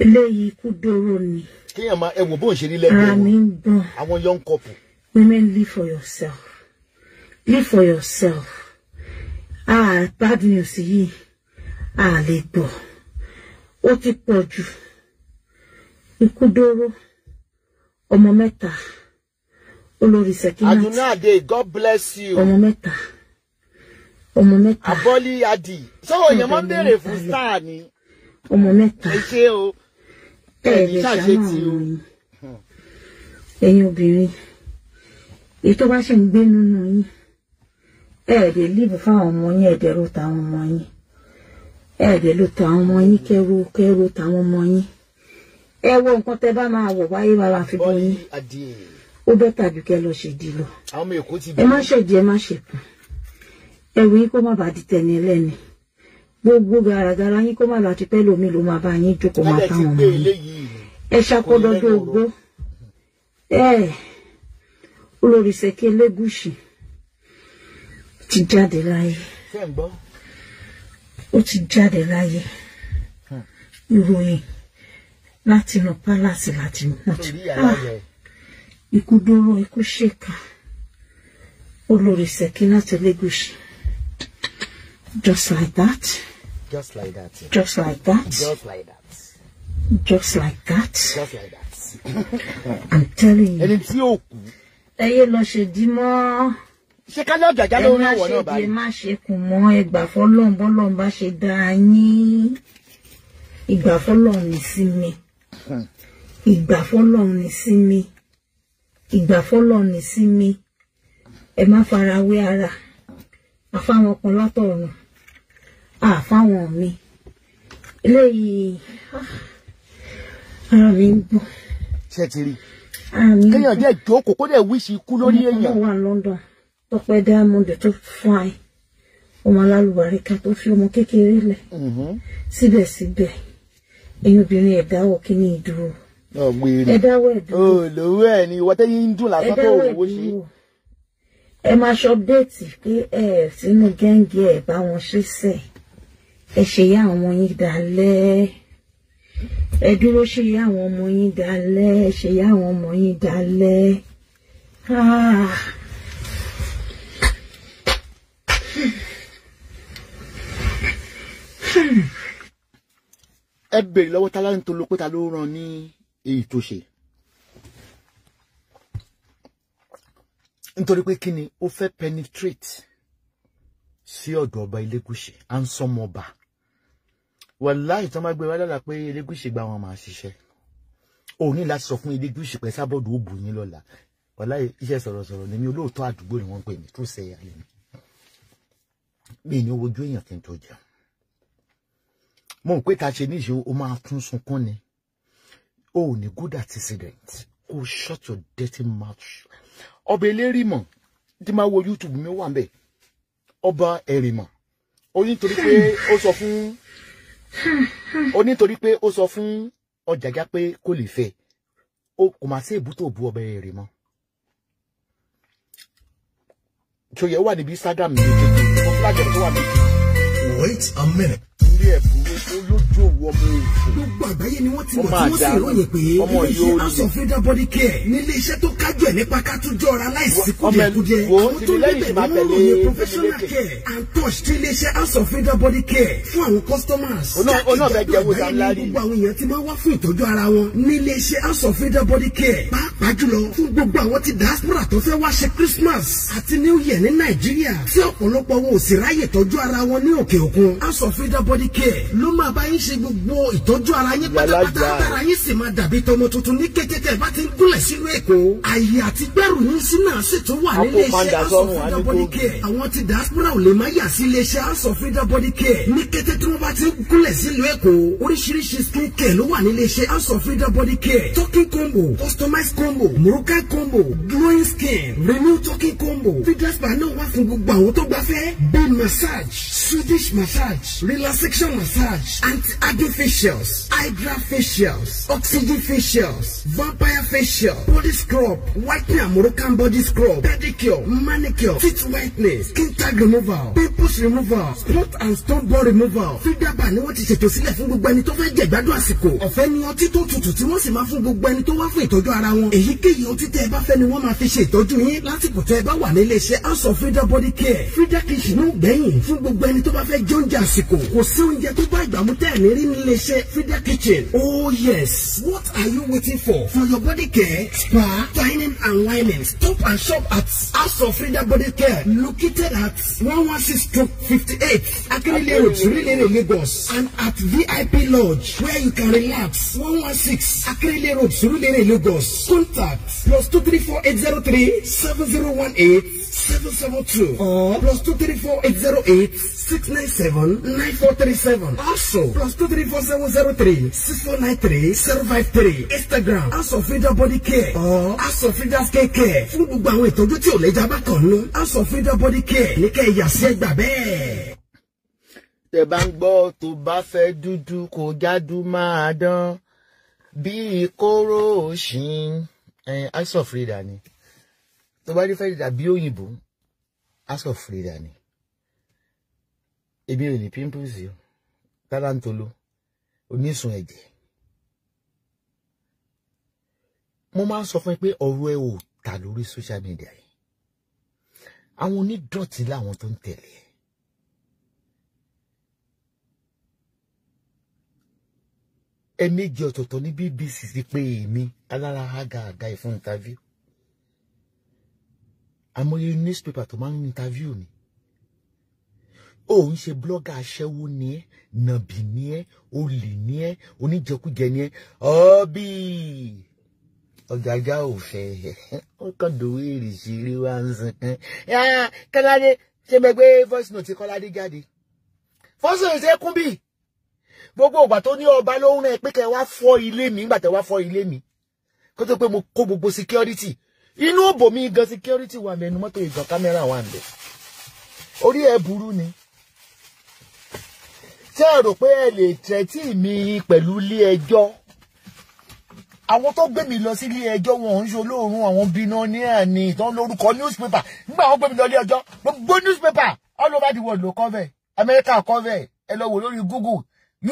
eléyìí kú dóró ni kéèyàn máa ẹ wò bó ń ṣe rí young couple. women live for yourself live for yourself ah bad news yìí ah lè gbọ́ ó ti pọ̀ jù ikú dóró ọmọ mẹ́ta olórí sekinat adunade god bless you ọmọ mẹ́ta ọmọ mẹ́ta Aboli adi So, yẹn máa ń béèrè fún star ni ọmọ mẹ́ta ẹ ṣe o ẹ̀yìn ṣàṣe tí o. ẹ̀yin obìnrin èyí tó bá ṣe ń gbé nínú yín ẹ̀ẹ́dẹ̀ líbù fáwọn ọmọ yín ẹ̀ẹ́dẹ̀ ro tàwọn ọmọ yín ẹ̀ẹ́dẹ̀ ló tàwọn ọmọ yín kẹ́rù kẹ́rù tàwọn ọmọ yín ẹ wo nǹkan tẹ bá máa wọ̀ wáyé bàbá fi bọ́ yín ó bẹ́ tàbí kẹ́ lọ ṣèdí lọ ẹ má ṣèdí ẹ má ṣèkùn ẹ̀wù yín kó má bàa di tẹ̀ni ẹlẹ́ni gbogbo gàràgàrà yín kó má lọ àti pẹ́lòmí ló máa bá yín jókòó máa táwọn ọmọ yín ẹ ṣàkódọ́dọ́ ogbó ẹ olórí Ṣẹ̀kí Elégùṣì ti jáde láyé ó ti jáde láyé ìròyìn láti inú pálásì láti inú pọ́tù ah, ikú dóró ikú ṣèkà olórí láti Elégùṣì just like that. Just like that. Just like that. Just like that. Just like that. Just like that. I'm telling you. Ẹni tí ó kú. Ẹ lọ ṣe dí mọ́. Ṣé ká lọ jàjà lórí ọ̀wọ́ náà báyìí? Ẹ má ṣe kùn mọ́ ẹgbà fọ́lọ́ǹbọ́lọ́ǹ bá ṣe dáa yín. Ìgbà fọ́lọ́ǹ ní sí mi. Ìgbà ní sí mi. Ìgbà ní sí Ẹ má fara wé ara. Àfáwọn kan látọ̀run àfáwọn ah, mi eléyìí ah, ara mi ń gbọ́. ṣé ti rí kéèyàn jẹ́ ìjókòó kó dẹ̀ wíṣì ikú lórí èèyàn. ọmọ wa London Tọ́pẹ́ Diamond tó fine ọmọ alálùbáríkà tó fi ọmọ kékeré lẹ̀ mm-hmm. síbẹ̀síbẹ̀ ẹ̀yin obìnrin ẹ̀dáwọ̀ kí ni ìdúró ọgbẹrẹ ẹdáwọ ẹdúró olówó ẹ ní ìwọ tẹyí ń dùn lásán tó òwò ṣe. ẹ máa ṣọpdéètì pé ẹ sínú gẹ́ǹgì ẹ bá wọn ṣe sẹ́ẹ̀ ẹ ṣe yá àwọn yín dalẹ̀ ẹ dúró ṣe yá àwọn ọmọ yín dalẹ̀ ẹ ṣe yá àwọn ọmọ yín dalẹ̀ ah. ẹ bèrè lọ́wọ́ tá láti tolo pé ta ló ràn ní èyí tó ṣe nítorí pé kí ni ó fẹ́ penetrate sí ọ̀dọ̀ ọba Elégùṣì à ń sọmọ ọba wàláì tán bá gbé wá lọ́la pé Elégùṣì gba wọn máa ṣiṣẹ́ ò ní láti sọ fún Elégùṣì pé sábọ́ọ̀dù ó bù yín lọ́la wàláì iṣẹ́ sọ̀rọ̀sọ̀rọ̀ lèmi olóòótọ́ àdúgbò ni wọ́n pè mí tó ṣe yà lèmi mi ní ojú èèyàn kí n tó jẹun mo ń pé ta ṣe níṣe o máa tún sunkún ni o ò ní good antecedent o shut your dirty mouth ọbẹ̀ elérímọ̀ tí máa wo YouTube mi wà bẹ́ẹ̀ ọba ẹ̀rìmà ó nítorí pé ó sọ fún ó nítorí pé ó sọ fún ọjàjá pé kò lè fẹ́ ó kò máa sí èbúté òbu ọba ẹ̀rìmà tó wà níbi sádàmù méjèèjì ọ̀pọ̀lọpọ̀ tó wà méjèèjì. wait a minute. ilé ẹ̀bù olójú òwò ọmọ òfò. gbogbo àgbáyé ni wọ́n ti mọ̀ tí wọ́n sì ròyìn pé iléeṣẹ́ house of freedom body care ní iléeṣẹ́ tó kájú ẹ̀ nípa ká tún jọra láìsí kúdẹ̀kúdẹ̀. àwọn tó níbẹ̀ ni wọ́n ròyìn professional care and touch tí iléeṣẹ́ house of freedom body care fún àwọn customers. jákèjádò àgbáyé ni gbogbo àwọn èèyàn ti máa wá fún ìtọ́jú ara wọn ní iléeṣẹ́ house of freedom body care pàápàá jùlọ fún gbogbo àwọn ti diaspora tó fẹ́ wá ṣe christmas àti new year ní nàìjíríà tí ọ̀pọ̀lọpọ̀ wọn ò sì ráyè tọ́jú ara wọn ní òkè òkun house of freedom body care ló máa bá yín ṣe gbogbo ìtọ́jú ara yín pátápátá ara yín sì máa dàbí tọmọ tuntun ní kétété bá ti ń kúnlẹ̀ sínú èkó àyè àti gbẹ̀rù yín sí náà sì tún wà nílé iṣẹ́ house of freedom body care àwọn ti diaspora ò lè má yà sí ilé iṣẹ́ house body care ní kété tí wọ́n bá ti ń kúnlẹ̀ sílùú èkó oríṣiríṣi skin care ló wà nílé iṣẹ́ house body care talking combo customized combo moroccan combo glowing skin renew talking combo feeders Swedish massage, relaxation massage, anti-aging facials, hydra facials, oxygen facials, vampire facial, body scrub, whitening and Moroccan body scrub, pedicure, manicure, teeth whitening, skin tag removal, pimples removal, spot and stone ball removal. Fídíà bá ni wọ́n ti ṣètò sílẹ̀ fún gbogbo ẹni tó fẹ́ jẹ ìgbádùn àsìkò. Ọ̀fẹ́ ni ọtí tó tutù tí wọ́n sì máa fún gbogbo ẹni tó wá fún ìtọ́jú ara wọn. Èyíkéyìí ọtí tẹ́ ẹ bá fẹ́ ni wọ́n máa fi ṣe ìtọ́jú yín lásìkò tẹ́ ẹ bá wà ní iléeṣẹ́ House of Frida Body Care. Frida Kitchen ń gbẹ̀yìn fún gbogbo ẹni ẹnikẹ́ni tó bá fẹ́ jẹ oúnjẹ àsìkò kò sí oúnjẹ tó bá ìgbà mú tẹ́ ẹ̀ ní rí nílé iṣẹ́ Frida Kitchen oh yes what are you waiting for for your body care spa dining and wining stop and shop at house of Frida body care located at one one six stroke fifty eight Akinlele road Surulere Lagos and at VIP lodge where you can relax one one six Akinlele road Surulere Lagos contact plus two three four eight zero three seven zero one eight. 772 or plus 234-808-697-9437. Also, plus 234-703-6493-053. Instagram, House of Freedom Body Care or oh. House of Freedom Skin Care. Fún gbogbo àwọn ìtọ́jú tí ò lè jábá kan nú. House Body Care ní kẹ́ ẹ̀yà sí ẹgbà bẹ́ẹ̀. Tẹ̀ bá ń gbọ́ tó bá fẹ́ dúdú kò jádú máa dán bí ìkóró òṣìn House of Freedom ni tó bá rí fẹ́ dàbí òyìnbó aṣọ fèrè ni èmi ò ní pimples o tálántolo onísun ẹ̀jẹ̀ mo máa ń sọ fún ẹ pé ọ̀rọ̀ ẹ ò ta lórí social media yìí àwọn onídọ̀tí làwọn tó ń tẹ̀lé ẹ. ẹ̀ẹ̀mejì ọ̀tọ̀ọ̀tọ̀ ní BBC ti pé èmi alára àga àga ìfún interview àmọye newspaper tó máa ń interview ni ó ń ṣe blọ́gà aṣẹ́wó ni ẹ́ nàbì ni ẹ́ olè ni ẹ́ oníjẹkújẹ ni ẹ́ ọ́bì ọ̀gágá ò fẹ́ ó kàn dòwe ìrìṣìírí wa ń sìn kan kọ́ládé ṣe mẹ́gbẹ́ voice note kọ́ládé jáde voice note kún bí gbogbo ìgbà tó ní ọba ló ń rìn pé kẹ́ wá fọ́ ilé mi nígbà tẹ́ wá fọ́ ilé mi kó tó pé mo kó gbogbo security inú òbò mi gan security wà mẹ́nu mọ́tò ìgbọ̀n kámẹ́rà wà ń orí ẹ burú ni ṣé ẹ rò pé ẹ lè tẹ́tí mi pẹ̀lú ilé ẹjọ́ àwọn tó gbé mi lọ sí ilé ẹjọ́ wọn ò ń ṣe olóòórùn àwọn billionaire ní ìtàn lórúkọ newspaper nígbà wọn gbé mi lọ ilé ẹjọ́ gbogbo newspaper all over the world ló cover America cover ẹ lọ wò lórí Google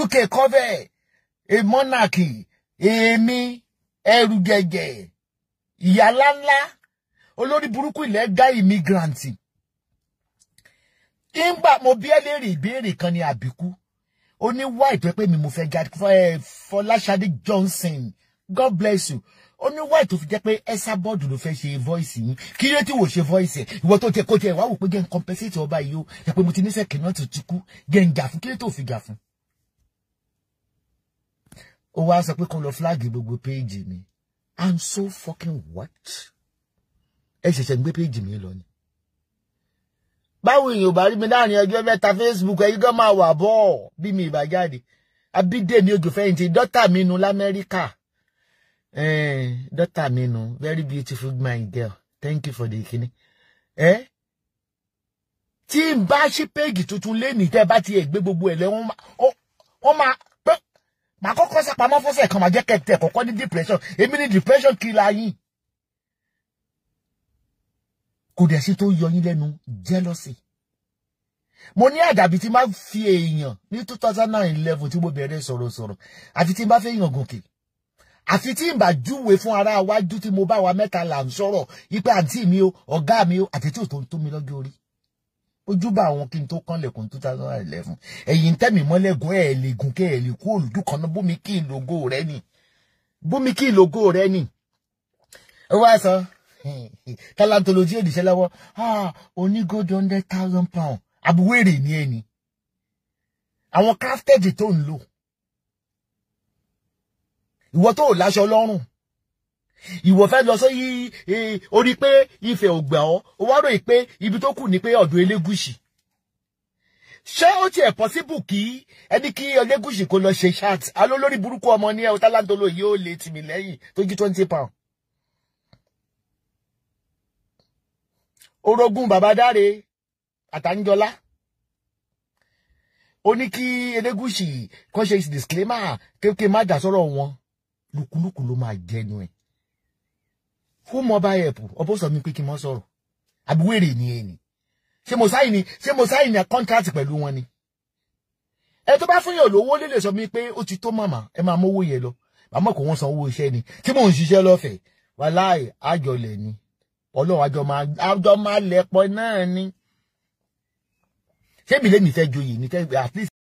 UK cover a monarchy èmi ẹrù gẹ̀gẹ̀ ìyá ńláńlá olórí burúkú ilẹ̀ga immigrant ìgbà mo bi ẹ́ léèrè ìbéèrè kan ní àbíkú ó ní wá ìtọ́ pé mi mo fẹ́ ga eh, Fọláṣadé Johnson God bless you ó ní wá ìtọ́ fi jẹ́ pé ẹ́sà bọ́ọ̀dù ló fẹ́ ṣe voice yìí kí ló ti wò ṣe voice ẹ̀ ìwọ tó tẹ kó tẹ wá wò pé gẹ́n compensate ọba yìí ó yẹ pé mo ti níṣẹ́ kìnnà tó ti kú gẹ́n gà fún kí ló tó fi gà fún. ó wá sọ pé kó lọ flag gbogbo péèjì mi I'm so fucking what ẹ ṣẹ̀ṣẹ̀ ń gbé péjì mi lọ ni. báwo èèyàn ò bá rí mi láàrin ọjọ́ mẹ́ta facebook ẹ̀yin gan máa wà bọ́ bí mi ìbá jáde abídèmí ògùnfẹ̀yìntì dọ́tà mi nu lamẹ́ríkà dọ́tà mi nu very beautiful my girl thank you for the kini. Eh? tí n bá ṣí péjì tuntun lé ní tẹ́ bá ti ẹ̀ gbé gbogbo ẹ̀ lẹ́wọ̀n wọ́n máa màá kọ́kọ́ sápamọ́ fọ́sẹ̀ kan màá jẹ́ kẹ́tẹ́ kọ́kọ́ ní depression èmi ní depression kìlà yín kò dẹ̀ sí tó yọ yín lẹ́nu jealousy mo ní àdàbí tí máa fi èèyàn ní two thousand nine eleven tí mo bẹ̀rẹ̀ sọ̀rọ̀sọ̀rọ̀ àfi tí n bá fẹ́ yàn gòkè àfi tí n bá júwe fún ara wájú tí mo bá wa mẹ́ta là ń sọ̀rọ̀ ipe àǹtí mi o ọ̀gá mi o àti ò tó ń tó mi lọ́gẹ́ orí ojúbà àwọn kí n tó kán lẹ̀kùn two thousand and eleven ẹ̀yìn tẹ̀mí mọ́lẹ́gùn ẹ̀ lè gùn kẹ́ ẹ̀ lè kú olùdúkan náà bómi kí ìlógó rẹ nì bómi kí ìlógó rẹ nì ó wá sọ talantology òdìṣẹ́ lọ́wọ́ ah, oní gold hundred thousand pound àbúwèrè ni ẹ ni àwọn crafted tó ń lò ìwọ tó ò láṣọ lọ́rùn ìwọ fẹ́ lọ sóyí e, orí pé Ifẹ̀ ò gbà ọ́ ó wá ròyìn pé ibi tó kù ni pé ọ̀dọ̀ Elégùṣì ṣé ó tiẹ̀ pọ́síbù kí ẹni kí Elégùṣì kó lọ ṣe chat aló lórí burúkú ọmọ ní ẹ̀wọ̀n tálántolo yìí ó lè tì mí lẹ́yìn tó jí twenty pound. orogún bàbá dáre ó ní kí Elégùṣì kó ṣe disclaimer kéèké má dà sọ́rọ̀ wọn lùkúlùkù ló máa jẹnu ẹ̀ fún mobile app ọ̀pọ̀ sọ mi pé kí n mọ́ sọ̀rọ̀ àbí ni ẹ ni ṣé mo sáyìn ni ṣé mo sáyìn ni contract pẹ̀lú wọn ni. ẹ tó bá fún yàn lówó lè lè sọ mi pé ó ti tó màmá ẹ máa mówó yẹn lọ màmá kò wọ́n san owó iṣẹ́ ni tí mò ń ṣiṣẹ́ lọ́fẹ̀ẹ́ wàláì àjọlẹ̀ ni ọlọ́run àjọ máa àjọ máa lẹ̀pọ̀ náà ni ṣé mi lè mi fẹ́ joyè ni at least.